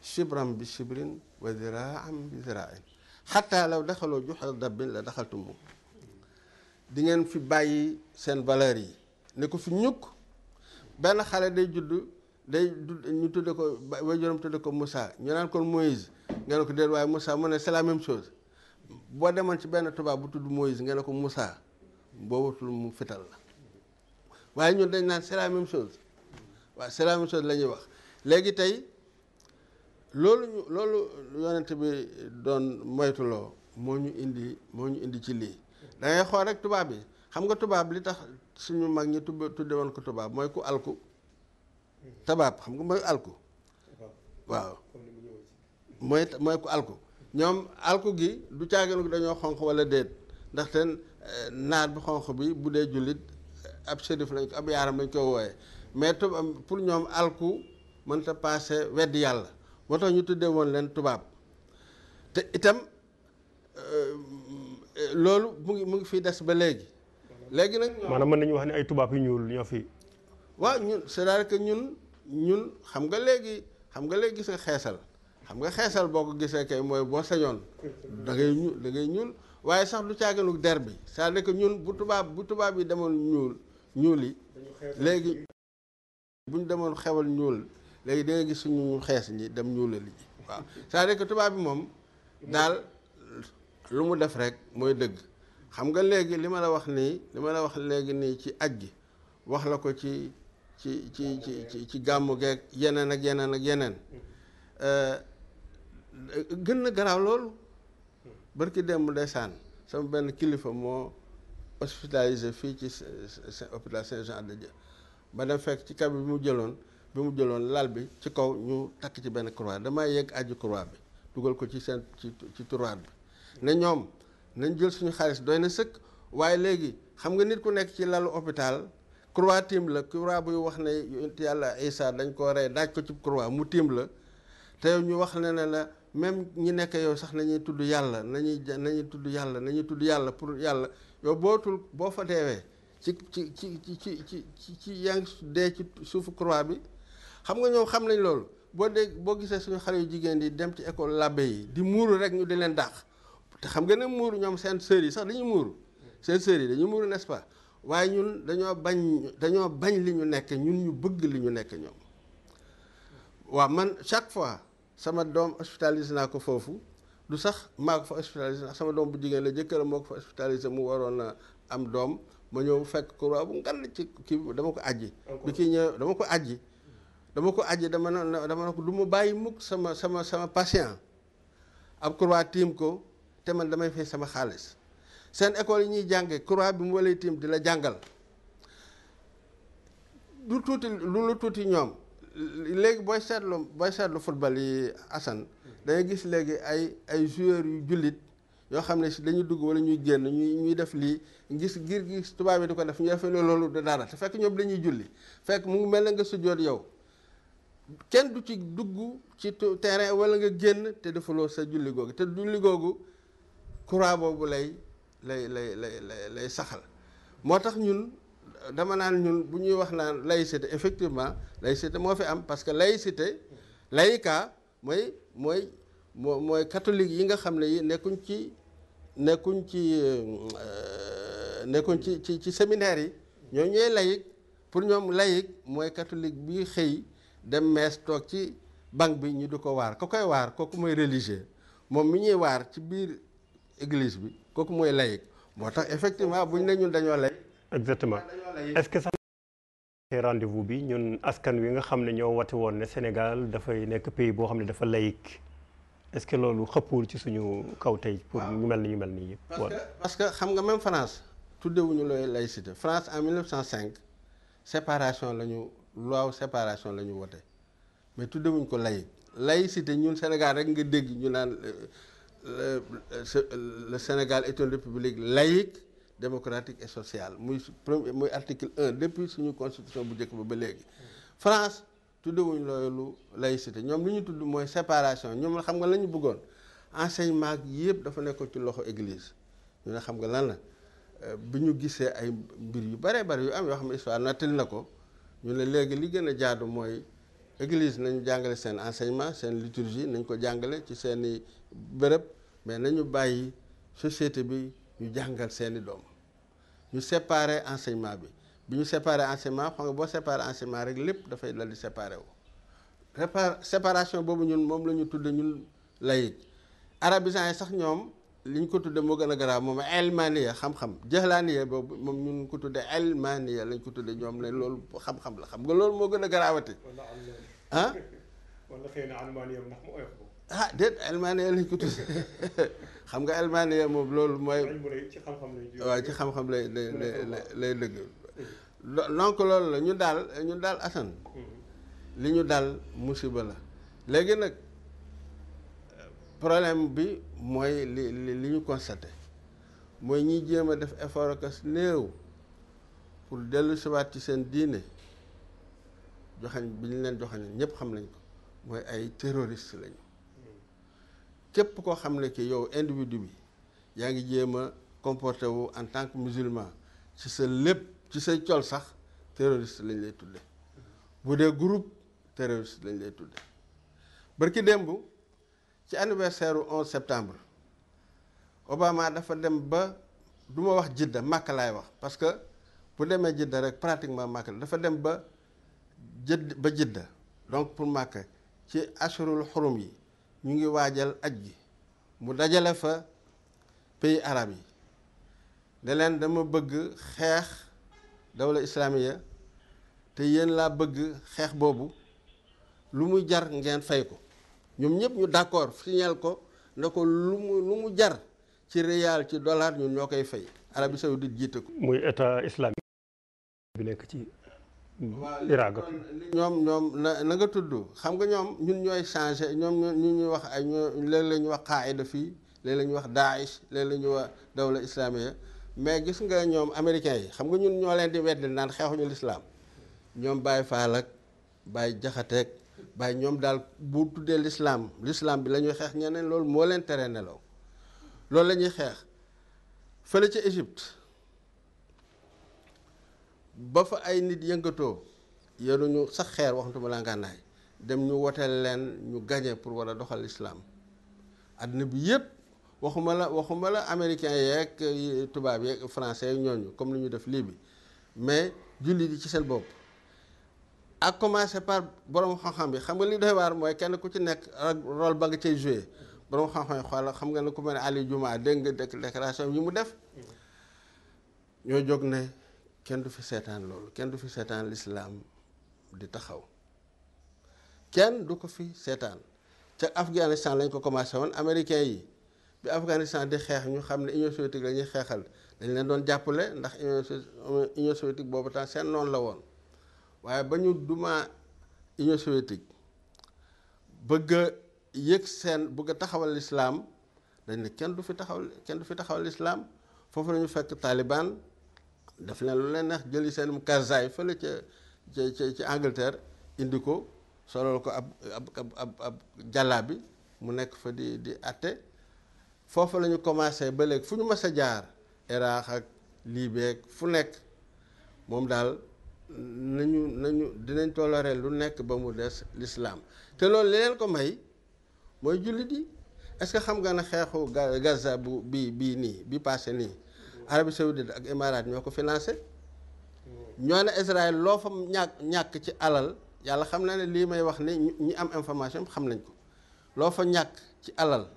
shibran bi shibrin wa ziraan bi ziraain xataa law daxaloo juxra dabbin la daxaltum bu di ngeen fi bàyyi seen valeur yi ne ko fi ñukk benn xale day judd day ñu tudde ko way juróom tudd ko Moussa ñu naan kon Moïse nga ko der waaye Moussa mu ne c'est la même chose boo demal ci benn tubaab bu tudd Moïse nga ko ko boo boobatul mu fital la waaye ñun dañ naan c'est la même chose waaw c'est la même wax léegi tey loolu ñu loolu yonent bi doon moytuloo moo ñu indi moo ñu indi ci lii da ngay xool rek tubaab yi xam nga tubaab li tax suñu mag ñi tudd tudde woon ko tubaab mooy ku alku tabaab xam nga mooy alku waaw mooy mooy ku alku ñoom alku gi du caaginu dañoo xonq wala déet ndaxte eh, naar bi xonq bi bu dee jullit eh, ab shérif lañ ko ab yaaram lañ ko wooyee mais tubaab pour ñoom alku mënta paase wedd yàlla moo tax ñu tuddee woon leen tubaab te itam euh, loolu mu ngi mu ngi fii des ba léegi léegi nag maanaam mën nañu wax ne ay tubaab yu ñuul ñoo fi waaw ñun cest à que ñun ñun xam nga léegi xam nga léegi gis nga xeesal xam nga xeesal boo ko gisee kay mooy boo sañoon da ñuul da ñuul waaye sax du caaganu der bi cest à ñun bu tubaab bu tubaab yi demoon ñuul ñuul yi léegi bu ñu demoon xewal ñuul léegi da gis suñu xees ñi dem ñuulal ji waaw c'est-à-dire tubaab bi moom daal lu mu def rek mooy dëgg xam nga léegi li ma la wax nii li ma la wax léegi nii ci aj gi wax la ko ci ci ci ci ci gàmmu geeg yeneen ak yeneen ak yeneen euh, gën na garaaw loolu barki démb ndeysaan sama benn kilifa moo hospitalisé fii ci hôpital Saint-Jean de Dieu ba dem fekk ci kab bi mu jëloon bi mu jëloon lal bi ci kaw ñu takk ci benn croix damaa yegg aju croix bi dugal ko ci seen ci ci tiroir bi ne ñoom nañ jël suñu xaalis doy na sëkk waaye léegi xam nga nit ku nekk ci lalu hôpital croix la croix buy wax ne yàlla Isa dañ ko rey daaj ko mu tiim la te ñu wax ne ne la même ñi nekk yow sax nañuy tudd yàlla nañuy nañuy tudd yàlla nañuy tudd yàlla pour yàlla bootul boo fa deewee ci ci ci ci ci ci ci yaa ngi dee ci suufu croix bi xam nga ñoom xam nañ loolu boo dégg boo gisee suñu xale yu jigéen di dem ci école labbe yi di muuru rek ñu di leen dàq te xam nga ne muuru ñoom seen sœurs yi sax dañuy muuru seen sœurs yi dañuy muuru n'est-ce waaye ñun dañoo bañ dañoo bañ li ñu nekk ñun ñu bëgg li ñu nekk ñoom waaw man chaque fois sama doom hospitalisé naa ko foofu du sax maa ko fa hospitalisé naa sama doom bu jigéen la jëkkëram moo ko fa hospitalisé mu waroon a am doom ma ñëw fekk ko waaw bu ngan kii dama ko ajji bi kii ñëw dama dama ko aji dama na dama ko du mu bàyyi mukk sama sama sama patient ab croix tiim ko te man damay fay sama xaalis seen école yi ñuy jànge croix bi mu walay tiim di la jàngal du tuuti lu lu tuuti ñoom léegi booy seetlu booy seetlu football yi Assane dangay gis léegi ay ay joueurs yu jullit yoo xam ne si dañu dugg wala ñuy génn ñuy ñuy def lii gis ngir gis tubaab yi di ko def ñu defee loolu dara te fekk ñoom dañuy julli fekk mu ngi mel na nga sujjoot yow kenn du ci dugg ci terrain wala nga génn te defuloo sa julli googu te julli googu croix boobu lay lay lay lay lay saxal moo tax ñun dama naan ñun bu ñuy wax naan laïcité effectivement laïcité moo fi am parce que laïcité laïca mooy mooy moo mooy catholique yi nga xam ne yi nekkuñ ci nekkuñ ci euh, nekkuñ ci ci ci séminaire yi ñoo ñooy laïc pour ñoom laïc mooy catholique bi xëy dem mees toog ci banque bi ñu di ko waar ku koy waar kooku mooy religieux moom mi ñuy waar ci biir église bi kooku mooy laïc moo tax effectivement buñ ne ñun dañoo lay. exactement est-ce que sax rendez-vous bi ñun askan wi nga xam ne ñoo wati woon ne Sénégal dafay nekk pays boo xam ne dafa laïc est-ce que loolu xëppul ci suñu kaw tey. pour ñu mel ni ñu mel nii. parce que xam nga même France tuddewuñu looy laïcité France en 1905 séparation lañu loi séparation la ñu wote mais tuddewuñ ko laïc laïcité ñun Sénégal rek nga dégg ñu naan euh, euh, le Sénégal est une république laïque démocratique et sociale muy premier muy article un depuis suñu constitution bu njëkk ba ba léegi France tuddewuñ loolu laïcité ñoom lu ñu tudd mooy séparation ñoom xam nga lañu ñu bëggoon enseignement yëpp dafa nekkoon ci loxo église ñu ne xam nga lan la euh, bi ñu gisee ay mbir yu bare bare yu am yoo xam ne histoire nattali na ko ñu ne léegi li gën a jaadu mooy église nañu jàngale seen enseignement seen liturgie nañ ko jàngale ci seeni bërëb mais nañu bàyyi société bi ñu jàngal seeni doom ñu séparer enseignement bi bi ñu séparer enseignement xam nga boo séparer enseignement rek lépp dafay dal di séparer wu séparation boobu ñun moom la ñu tudde ñun layit arabisants yi sax ñoom li ko tuddee moo gën a garaaw moom elmaniya xam-xam jëxlaaniya boobu moom ñun ko tuddee elmaniya lañ ko tuddee ñoom lañ loolu xam-xam la xam nga loolu moo gën a garaawati ah wala xëy na almaniya ndax mu oyof ko ah déet elmaniya lañ ko tuddee xam nga elmaniya moom loolu mooy ci xam-xam lay waaw ci xam-xam lay lay lay lay dëgg donc loolu la ñu daal ñu daal asan mm-hmm. li ñu daal musiba la léegi nag problème bi mooy li li ñu constaté mooy ñi jéem a def effort akas néew pour dellu siwaat ci seen diine joxañ bi ñu leen joxañ ñëpp xam nañ ko mooy ay terroriste lañu képp koo xam ne ki yow individu bi yaa ngi jéem a comporté wu en tant que musulman ci sa lépp ci say col sax terroriste lañ lay tudde bu dee groupe terroriste lañ lay tudde barki démb ci anniversaire u 11 septembre Obama dafa dem ba du ma wax jidda màkk laay wax parce que bu demee jidda rek pratiquement makk la dafa dem ba jëdd ba jidda donc pour màkk ci assurul xurum yi ñu ngi waajal aj gi mu dajale fa pays arab yi ne leen dama bëgg xeex dawla islamiya te yéen laa bëgg xeex boobu lu muy jar ngeen fay ko ñoom ñëpp ñu d'accord signal ko na ko lu mu lu mu jar ci réal ci dollar ñun ñoo koy fay Arabie saoudite jiite ko. muy état islamique nekk ci. Irak ñoom ñoom na na nga tudd xam nga ñoom ñun ñooy changé ñoom ñu ñuy wax ay ñoo léeg la ñu wax qaida fii léeg la ñu wax Daesh léeg la ñu wax dawla islamiya mais gis nga ñoom américains yi xam nga ñun ñoo leen di weddi naan xeexuñu lislaam ñoom Baye Fall ak Baye Jaxate ak bàyyi ñoom daal bu tuddee l'islam lislaam bi la ñuy xeex ñeneen loolu moo leen tere nelaw loolu la ñuy xeex fële ca Égypte ba fa ay nit yëngatoo ñu sax xeer waxtuma laa ngànnaay dem ñu wooteel leen ñu gañe pour war a doxal lislaam àddina bi yépp waxuma la waxuma la américains yeeg euh, tubaab yeeg français ñooñu comme li ñu def lii bi mais jullit yi ci seen bopp ak commencé par borom xam-xam bi xam nga li doy waar mooy kenn ku ci nekk rôle ba nga cay joué borom xam-xam yi xoolal xam nga ne ku mel ne Aliou Juma dégg nga déclaration yi mu def ñoo jóg ne kenn du fi seetaan loolu kenn du fi seetaan lislaam di taxaw kenn du ko fi seetaan ca Afghanistan lañ ko commencé woon américain yi bi Afghanistan di xeex ñu xam ne Union soviétique la ñuy xeexal dañ leen doon jàppale ndax Union soviétique boobu temps seen noonu la woon. waaye ba ñu duma Union soviétique bëgg a yëg seen bëgg a taxawal lislaam dañ ne kenn du fi taxaw kenn du fi taxawal lislaam foofu lañu fekk Taliban daf leen lu leen neex jëli seenum kazaay fële ca ca ci Angleterre indi ko solol ko ab ab ab ab jàllaa bi mu nekk fa di di atte foofu lañu ñu commencé ba léegi fu ñu mës a jaar Iraq ak Libye fu nekk moom daal nañu nañu dinañ toléré lu nekk ba mu des lislaam te lool li leen ko may mooy jullit yi est-ce que xam nga ne xeexu Gaza bu bi bii nii bi passé nii Arabie Saoudite ak Émirats ñoo ko financé ñoo ne Israël loo fa ñàkk ñàkk ci alal yàlla xam na ne lii may wax ne ñi am information xam nañ ko loo fa ñàkk ci alal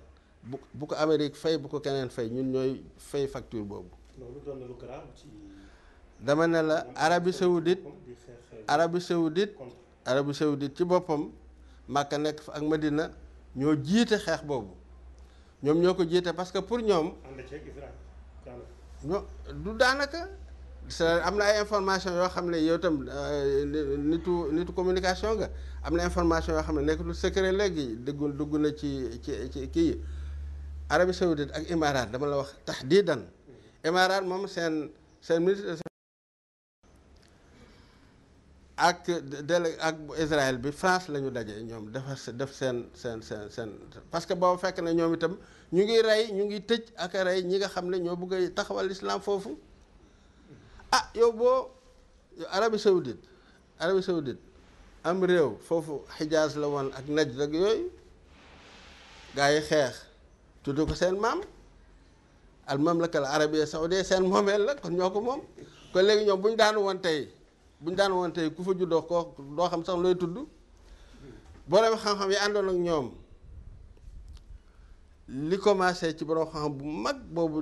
bu bu ko Amérique fay bu ko keneen fay ñun ñooy fay facture boobu. dama ne la Arabie Saoudite Arabie Saoudite Arabie Saoudite ci boppam Màkka nekk fa ak Madina ñoo jiite xeex boobu ñoom ñoo ko jiite parce que pour ñoom du daanaka am na ay information yoo xam ne yow tam euh, nitu nitu communication nga am na information yoo xam ne nekk lu secret léegi dugg dugg na ci ci ci kii Arabie Saoudite ak Imaaraat dama la wax taxdiidan Imaaraat moom seen seen ministre ak délé ak Israël bi France la ñu daje ñoom defar def seen seen seen seen parce que booba fekk na ñoom itam ñu ngi rey ñu ngi tëj ak a rey ñi nga xam ne ñoo bugg a taxawal islam foofu ah yow boo Arabie Saoudite Arabie Saoudite am réew foofu Hijaz la woon ak naj rek yooyu gaa yi xeex tudd ko seen maam al mamlaka al arabia saoudia seen moomeel la kon ñoo ko moom kon léegi ñoom bu ñu daanu woon tey bu ñu daan woon tey ku fa juddoo koo doo xam sax looy tudd borom xam-xam yi àndoon ak ñoom li commencé ci borom xam-xam bu mag boobu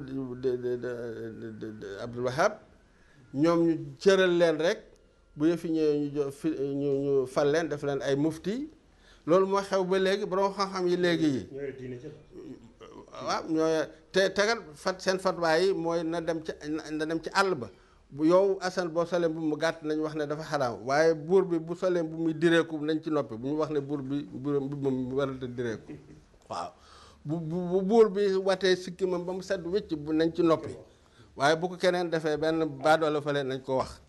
Abdul Wahab ñoom ñu cëral leen rek bu yëfi ñu fi ñu ñu fal leen def leen ay mufti loolu moo xew ba léegi borom xam-xam yi léegi yi. te tegal fat seen fatwaay yi mooy na dem ci na dem ci àll ba. bu yow asal boo solee mu gàtt nañ wax ne dafa xaraam waaye buur bi bu solee mu muy direeku nañ ci noppi bu ñu wax ne buur bi bu mu warata direeku waaw bu bu buur bi watee sikkimam ba mu sedd wécc bu nañ ci noppi waaye bu ko keneen defee benn baadoola fale nañ ko wax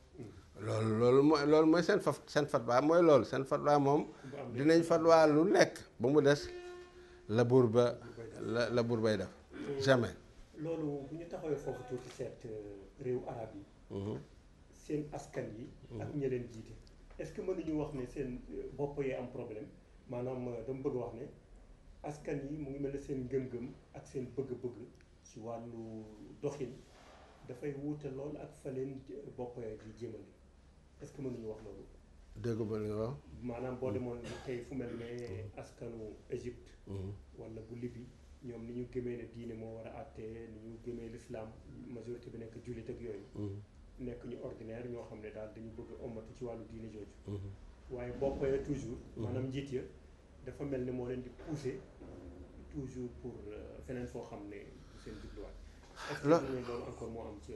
loolu loolu mooy mooy seen faf seen fatwa mooy loolu seen fatwa moom dinañ fatwa lu nekk ba mu des la buur ba la la buur bay def jamais seen askan yi. ak ña leen jiite. est-ce que mënuñu wax ne seen euh, bopp yee am problème maanaam euh, dama bëgg wax ne askan yi mu ngi mel ne seen ngëm-ngëm ak seen bëgg-bëgg ci wàllu doxin dafay wuute lool ak fa leen euh, bopp di jëmale est-ce que mënuñu wax loolu. dégg ba li nga maanaam boo mm. demoon xëyee fu mel ne mm. askanu Égypte. Mm. wala bu Libye ñoom ni ñu gëmee ne diine moo war a àttee ni ñu gëmee lislaam majorité bi nekk jullit ak yooyu. nekk ñu ordinaire ñoo xam ne daal dañu bëgg ommatu ci wàllu diine jooju. Mhm. waaye bokk ya toujours. Mhm. maanaam njiit ya dafa mel ni moo leen di pousser toujours pour euh, feneen foo xam ne seen jubluwaay. loolu est am ci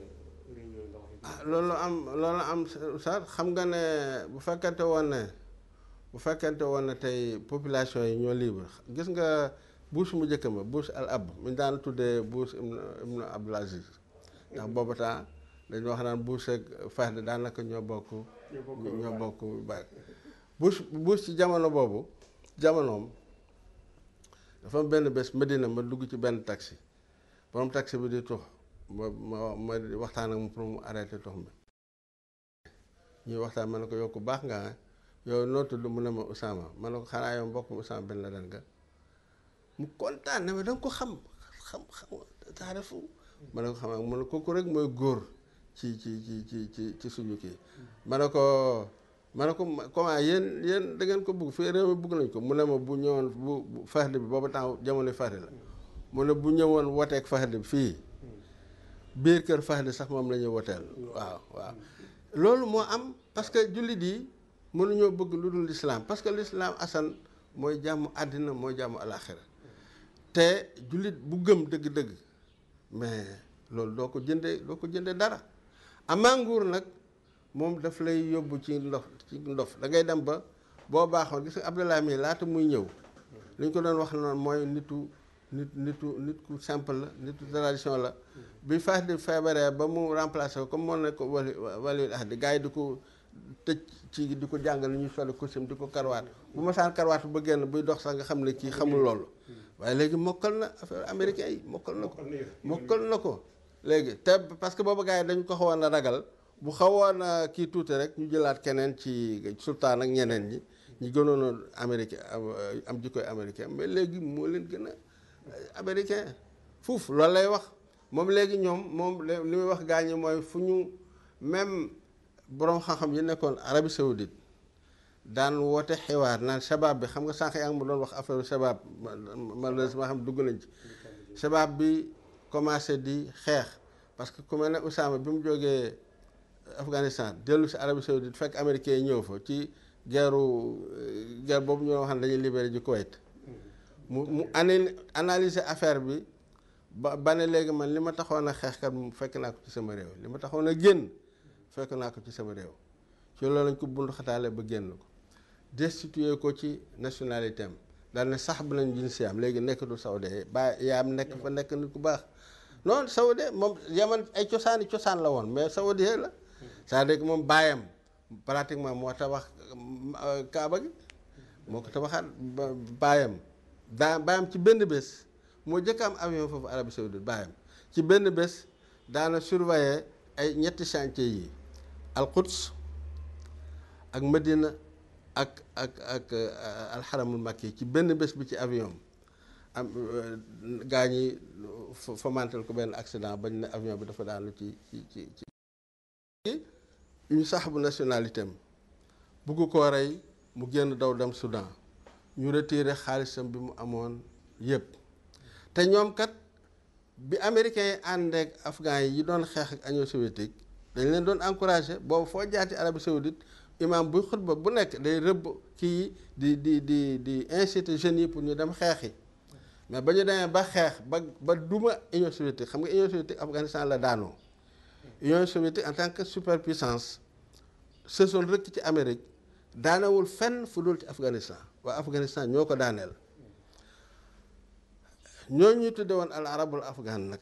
ah, loolu am loolu am sa xam nga ne bu fekkente woon ne bu fekkente woon ne tey population yi ñoo libre gis nga Bush mu njëkk ma Bush al ab mi daan tuddee Bush ibn Abdul Aziz ndax boobu dañu wax naan Bush ak Fahd daanaka ñoo bokk. ñoo bokk baat Bush Bush ci jamono boobu jamonoom dafa am benn bés ma Medina ma dugg ci benn taxi borom taxi bi di tux ma ma waxtaan ak mu mu arrêté tux ñuy waxtaan ma ne ko yow baax nga ah. yow noo mu ne ma Usaama ma ne ko xanaa yow mbokk ma ne ko xam ak mu ne kooku rek mooy góor ci ci ci ci ci ci suñu kii ma ko ma ne ko comment yéen yéen da ko bugg fii réew bugg nañ ko mu ne ma bu ñëwoon bu faxli bi booba temps jamono faxli la mu ne bu ñëwoon woteeg faxli bi fii biir kër faxli sax moom la ñuy woteel waaw waaw loolu moo am parce que jullit yi mënuñoo bëgg lu dul lislaam parce que lislaam asan mooy jàmm àddina mooy jàmm alaxira te jullit bu gëm dëgg-dëgg mais loolu doo ko jënde doo ko jënde dara amaa nguur nag moom daf lay yóbbu ci ndox ci ndox da ngay dem ba boo baaxoon gis nga Abdoulaye mi laata muy ñëw li ko doon wax noonu mooy nitu nit nitu nit ku simple la nitu tradition la bi fas di feebaree ba mu remplacé ko comme moo ne ko wali wali ahdi gars yi di ko tëj ci di ko jàngal ñuy soli costume di ko karwaat bu ma saan karwaat ba génn buy dox sax nga xam ne kii xamul loolu waaye léegi mokkal na affaire américain yi mokkal na ko mokkal na ko léegi te parce que boobu gars yi dañ ko xawoon a ragal bu xawoon a kii tuuti rek ñu jëlaat keneen ci sultaan ak ñeneen ñi ñu gënoon a américain am jikkoy américain mais léegi moo leen gën a euh, américain fuuf loolu lay wax moom léegi ñoom moom li muy wax gars ñi mooy fu ñu même boroom xam-xam yi nekkoon Arabie Saoudite daan woote xiwaar naan shabab bi xam nga sànq yaa ngi mu doon wax affaire shabab ma xam dugg nañ ci shabab bi commencé di xeex parce que ku mel ne Usaama bi mu jógee Afghanistan dellu si Arabie Saoudite fekk américains yi ñëw fa ci guerru euh, guerre boobu ñoo doon wax ne dañuy libéré ji Kuwait mu mu analyser affaire bi ba ba ne léegi man li ma taxoon a xeex kat fekk naa ko ci sama réew li ma taxoon a génn fekk naa ko ci sama réew ci loolu lañ ko bundu xataale ba génn ko destitué ko ci nationalité am daal ne sax bi nañ jinsi am léegi nekk du sawde ba yaam nekk fa nekk nit ku baax non saoudien moom yaman ay cosaani cosaan la woon mais saoudien la cest à moom baayam pratiquement moo tabax euh, kaaba gi moo ko tabaxaat baayam daa baayam ci benn bés moo jëkk am avion foofu Arabie Saoudite baayam ci benn bés daana surveiller ay ñetti chantier yi al-Quds ak Medina ak ak ak euh, alxaramul yi ci benn bés bi ci avion am euh, gaa ñi fomantal ko bañ ne avion bi dafa daanu ci ci ci ñu sax bu nationalité am bugg rey mu génn daw dem Soudan ñu retiré xaalisam bi mu amoon yépp te ñoom kat bi américains yi ànd ak afghans yi doon xeex ak union soviétique dañ leen doon encouragé boobu foo jaar ci arabie saoudite imam buy xutba bu nekk day rëbb kii di di di di inciter jeunes yi pour ñu dem xeexi mais ba ñu demee ba xeex ba ba duma Union soviétique xam nga Union soviétique Afghanistan la daanoo Union soviétique en tant que superpuissance sësoon rëkk ci Amérique daanewul fenn fu dul ci Afghanistan waa Afghanistan ñoo ko daaneel ñoo ñu tudde woon al arabul afghan nag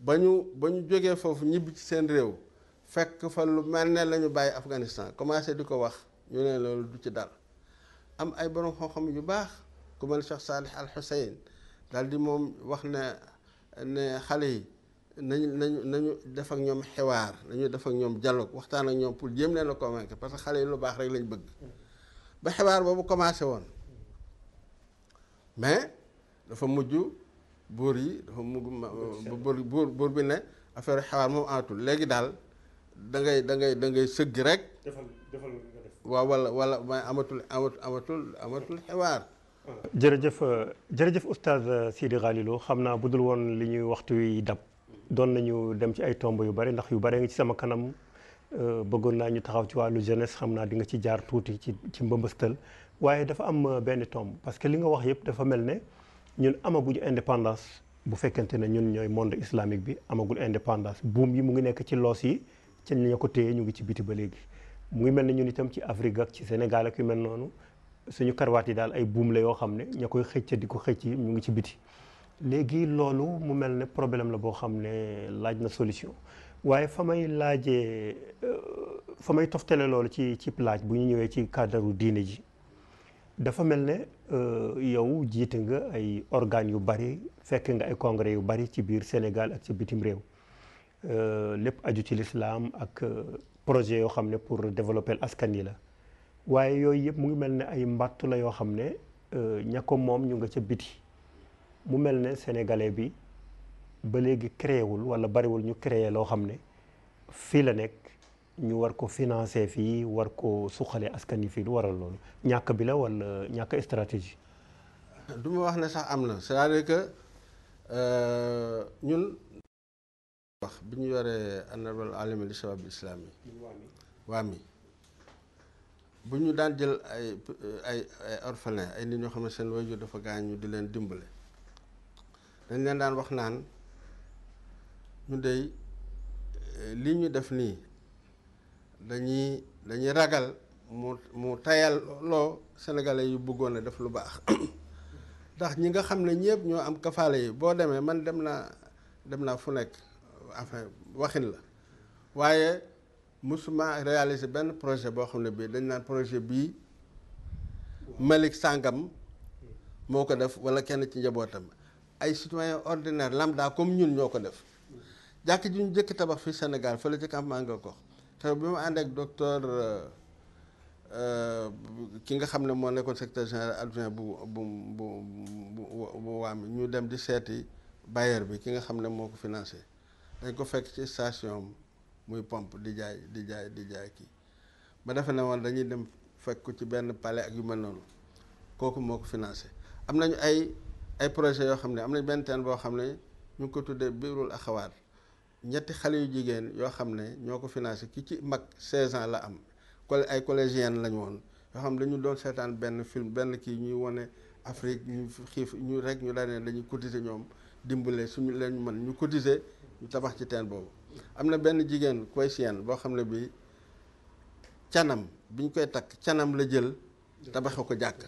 ba ñu ba ñu jógee foofu ñibbi ci seen réew fekk fa lu mel ne la ñu bàyyi Afghanistan commencé di ko wax ñu ne loolu du ci dal am ay borom xam-xam yu baax ku mel Cheikh Salih Al Hussein daal di moom wax ne ne xale yi nañu nañu nañu def ak ñoom xewaar nañu def ak ñoom dialogue waxtaan ak ñoom pour jéem leen a convaincre parce que xale yi lu baax lañ bëgg ba xewaar boobu commencé woon dafa mujj buur yi dafa mujj buur buur buur bi ne affaire xewaar moom amatul léegi daal dangay ngay da sëgg rek. defal defal waaw wala amatul amatul amatul amatul xewaar. jërëjëf euh, jërëjëf oustaz euh, Sidi Khalilou xam naa bu dul woon li ñuy waxtu yi dab doon nañu dem ci ay tomb yu bari ndax yu bari nga ci sama kanam euh, bëggoon naa ñu taxaw ci wàllu jeunesse xam naa di nga ci jaar tuuti ci ci mbëmbëstal waaye dafa am benn tomb parce que li nga wax yëpp dafa mel ne ñun amaguñu indépendance bu fekkente ne ñun ñooy monde islamique bi amagul indépendance buum yi mu ngi nekk ci loos yi ci ñu ko téye ñu ngi ci biti ba léegi mu ngi mel ne ñun itam ci Afrique ak ci Sénégal ak yu mel noonu suñu karwaat yi daal ay buum la yoo xam ne ñoo koy xëcc di ko xëcc ñu ngi ci biti léegi loolu mu mel ne problème la boo xam ne laaj na solution waaye fa may laajee euh, fa may toftale loolu ci ci laaj bu ñu ñëwee ci cadre diine ji dafa mel ne euh, yow jiite nga ay organes yu bari fekk nga ay congrès yu bari ci biir Sénégal ak ci bitim réew euh, lépp aju ci lislaam ak projet yoo xam ne pour développer askan yi la waaye yooyu yëpp mu ngi mel ni ay mbàttu la yoo xam ne euh, ña ko moom ñu nga ca biti mu mel ne sénégalais bi ba léegi créewul wala bariwul ñu créé loo xam ne fii la nekk ñu war ko financer fii war ko suqale askan yi fii lu waral loolu ñàkk bi la wala ñàkk stratégie. du wax ne sax am na c'est-à-dire que euh, ñun. wax bi ñu yoree anabal alimi li shabab islami. waa mi. bu ñu daan jël ay ay ay orphelin ay nit ñoo xam ne seen waajur dafa gaañu di leen dimbale dañ leen daan wax naan ñu dey lii ñu def nii dañuy dañuy ragal mu mu tayal loo sénégalais yu bëggoon a def lu baax ndax ñi nga xam ne ñëpp ñoo am kafaale yi boo demee man dem naa dem naa fu nekk enfin waxin la waaye musuma réaliser benn projet boo xam ne bii dañ naan projet bii Malick sàngam moo ko def wala kenn ci njabootam ay citoyen ordinaire lambda comme ñun ñoo ko def jàkk ji ñu jëkk tabax fii Sénégal fële ci campement nga ko xew bi euh, nga xam ne moo nekkoon secteur général adjoint bu bu bu bu waam ñu dem di seeti bailleur bi ki nga xam ne moo ko financé dañ ko fekk ci station muy pomp di jaay di jaay di jaay kii ma defe ne woon dañuy dem fekk ko ci benn pale ak yu mel noonu kooku moo ko financé am nañu ay ay projet yoo xam ne am nañ benn teen boo xam ne ñu ko tuddee biirul axawaat ñetti xale yu jigéen yoo xam ne ñoo ko financé ki ci mag 16 ans la am collè ay yenn lañu woon yoo xam ne dañu doon seetaan benn film benn kii ñuy wane Afrique ñu xiif ñu rek ñu daanee dañuy cotiser ñoom dimbale suñu leen mën ñu cotiser tabax ci teen boobu am na benn jigéen Kuwaysiyen boo xam ne bi canam bi ñu koy takk canam la jël tabaxe ko jàkk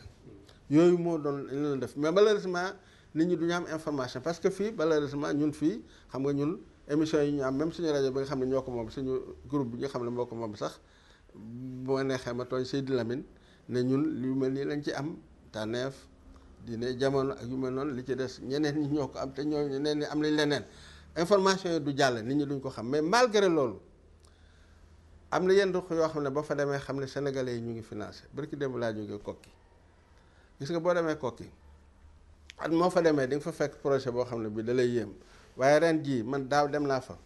yooyu moo doon li leen def mais malheureusement nit ñi du ñu am information parce que fii malheureusement ñun fii xam nga ñun émission yi ñu am même suñu rajo ba nga xam ne ñoo ko moom suñu groupe bi ñu xam ne moo ko moom sax boo neexee ma tooñ Seydi Lamine ne ñun lu mel nii lañ ci am tànneef dine jamono ak yu mel noonu li ci des ñeneen ñi ñoo ko am te ñoo ñeneen ñi am nañ leneen information yi du jàll nit ñi duñ ko xam mais malgré loolu am na yenn ruq yoo xam ne ba fa demee xam ne sénégalais yi ñu ngi financé barki démb laa jógee kokki gis nga boo demee kokki at moo fa demee di nga fa fekk projet boo xam ne bi da lay yéem waaye ren jii man daaw dem naa fa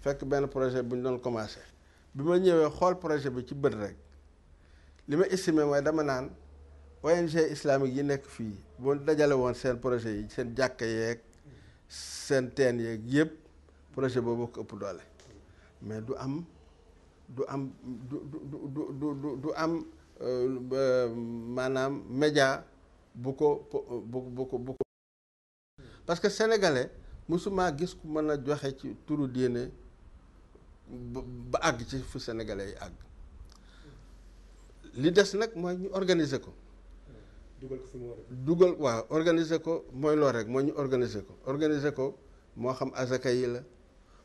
fekk benn projet bu ñu doon commencé bi ma ñëwee xool projet bi ci bët rek li ma estimé mooy dama naan ONG islamique yi nekk fii boo dajale woon seen projet yi seen jàkka yeeg seen teen yeeg yëpp projet boobu ko ëpp doole mais du am du am du du du du du am euh, maanaam média bu ko bu bu ko bu ko gis ku mën a joxe ci turu diine ba àgg ci fu sénégalais yi àgg li des nag mooy ñu organiser ko dugal ko mu dugal waaw organiser ko mooy lool rek moo ñu organiser ko organiser ko moo xam azaka yi la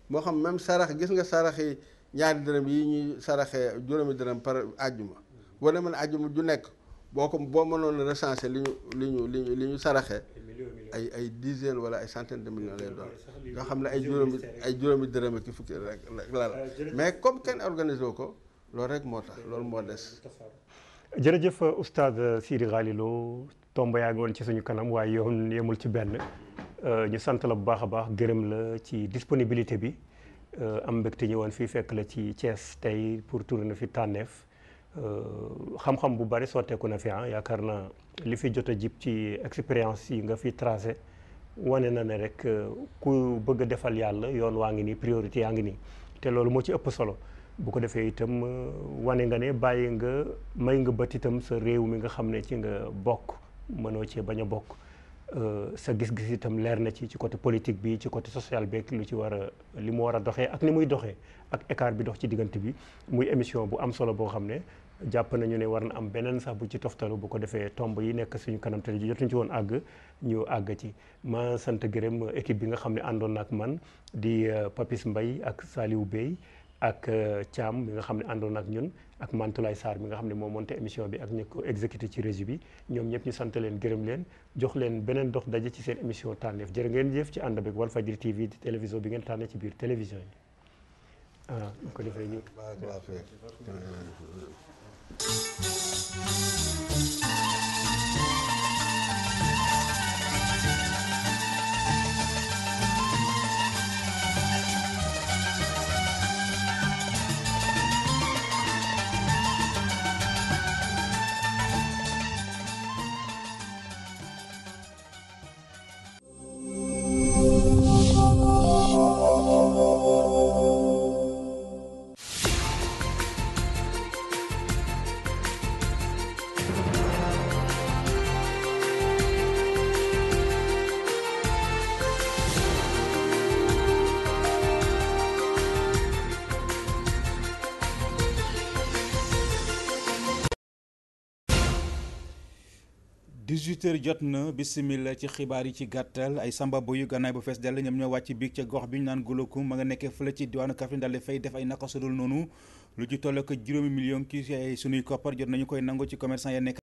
moo xam même sarax gis nga sarax yi ñaari dërëm yi ñuy saraxee juróomi dërëm par àjjuma boo demee àjjuma du nekk boo ko boo mënoon recenser li ñu li ñu li ñu li ñu saraxee ay ay dizaine wala ay centaine de lay doon nga xam ne ay juróomi ay juróomi dërëm ak fukki rek la ah, mais comme kenn organiser ko loolu rek moo tax loolu moo des jërëjëf oustaz Sidi Khalilo tomb yaa ngi ci suñu kanam waaye yoon yemul ci benn euh, ñu sant la bu baax a baax gërëm la ci disponibilité bi euh, am mbégte ñëwoon fii fekk la ci Thiès tey pour tourner na fi tànneef euh, xam-xam bu bari sotteeku na fi ah yaakaar na li fi jot a jib ci expérience yi nga fi tracé wane na ne rek ku bëgg a defal yàlla yoon waa ngi nii priorité yaa ngi nii te loolu moo ci ëpp solo. bu ko defee itam euh, wane nga ne bàyyi nga may nga bët itam sa réew mi nga xam ne ci nga bokk mënoo cee bañ a bokk euh, sa gis-gis itam leer na ci ci côté politique bi ci côté social bi lu ci war a li mu war a doxee ak ni muy doxee ak écart bi dox ci diggante bi muy émission bu am solo boo xam ne jàpp nañu ne war na am beneen sax bu ci toftalu bu ko defee tomb yi nekk suñu kanam te jotuñu ci woon àgg ñu àgg ci ma sant gërëm équipe bi nga xam ne àndoon na ak man di euh, Papis Mbaye ak Saliou Bey ak euh, Thiam bi nga xam ne àndoon ak ñun ak Mantoulaye Sarr bi nga xam ne moo monté émission bi ak ñu ko exécuté ci régie bi ñoom ñëpp ñu sant leen gërëm leen jox leen beneen dox daje ci seen émission tànneef jër ngeen jëf ci ànd beeg Walfadjri TV di télévision bi ngeen tànne ci biir télévision yi ah ko defee ñu. 18 heures jot na bisimila ci xibaar yi ci gàttal ay samba boyu gannaay bu fees dell ñoom ñoo wàcc biig ci diwaanu Kaffrine daal di fay def ci sunuy koppar jot nañu koy nangu ci commerçant ya nekk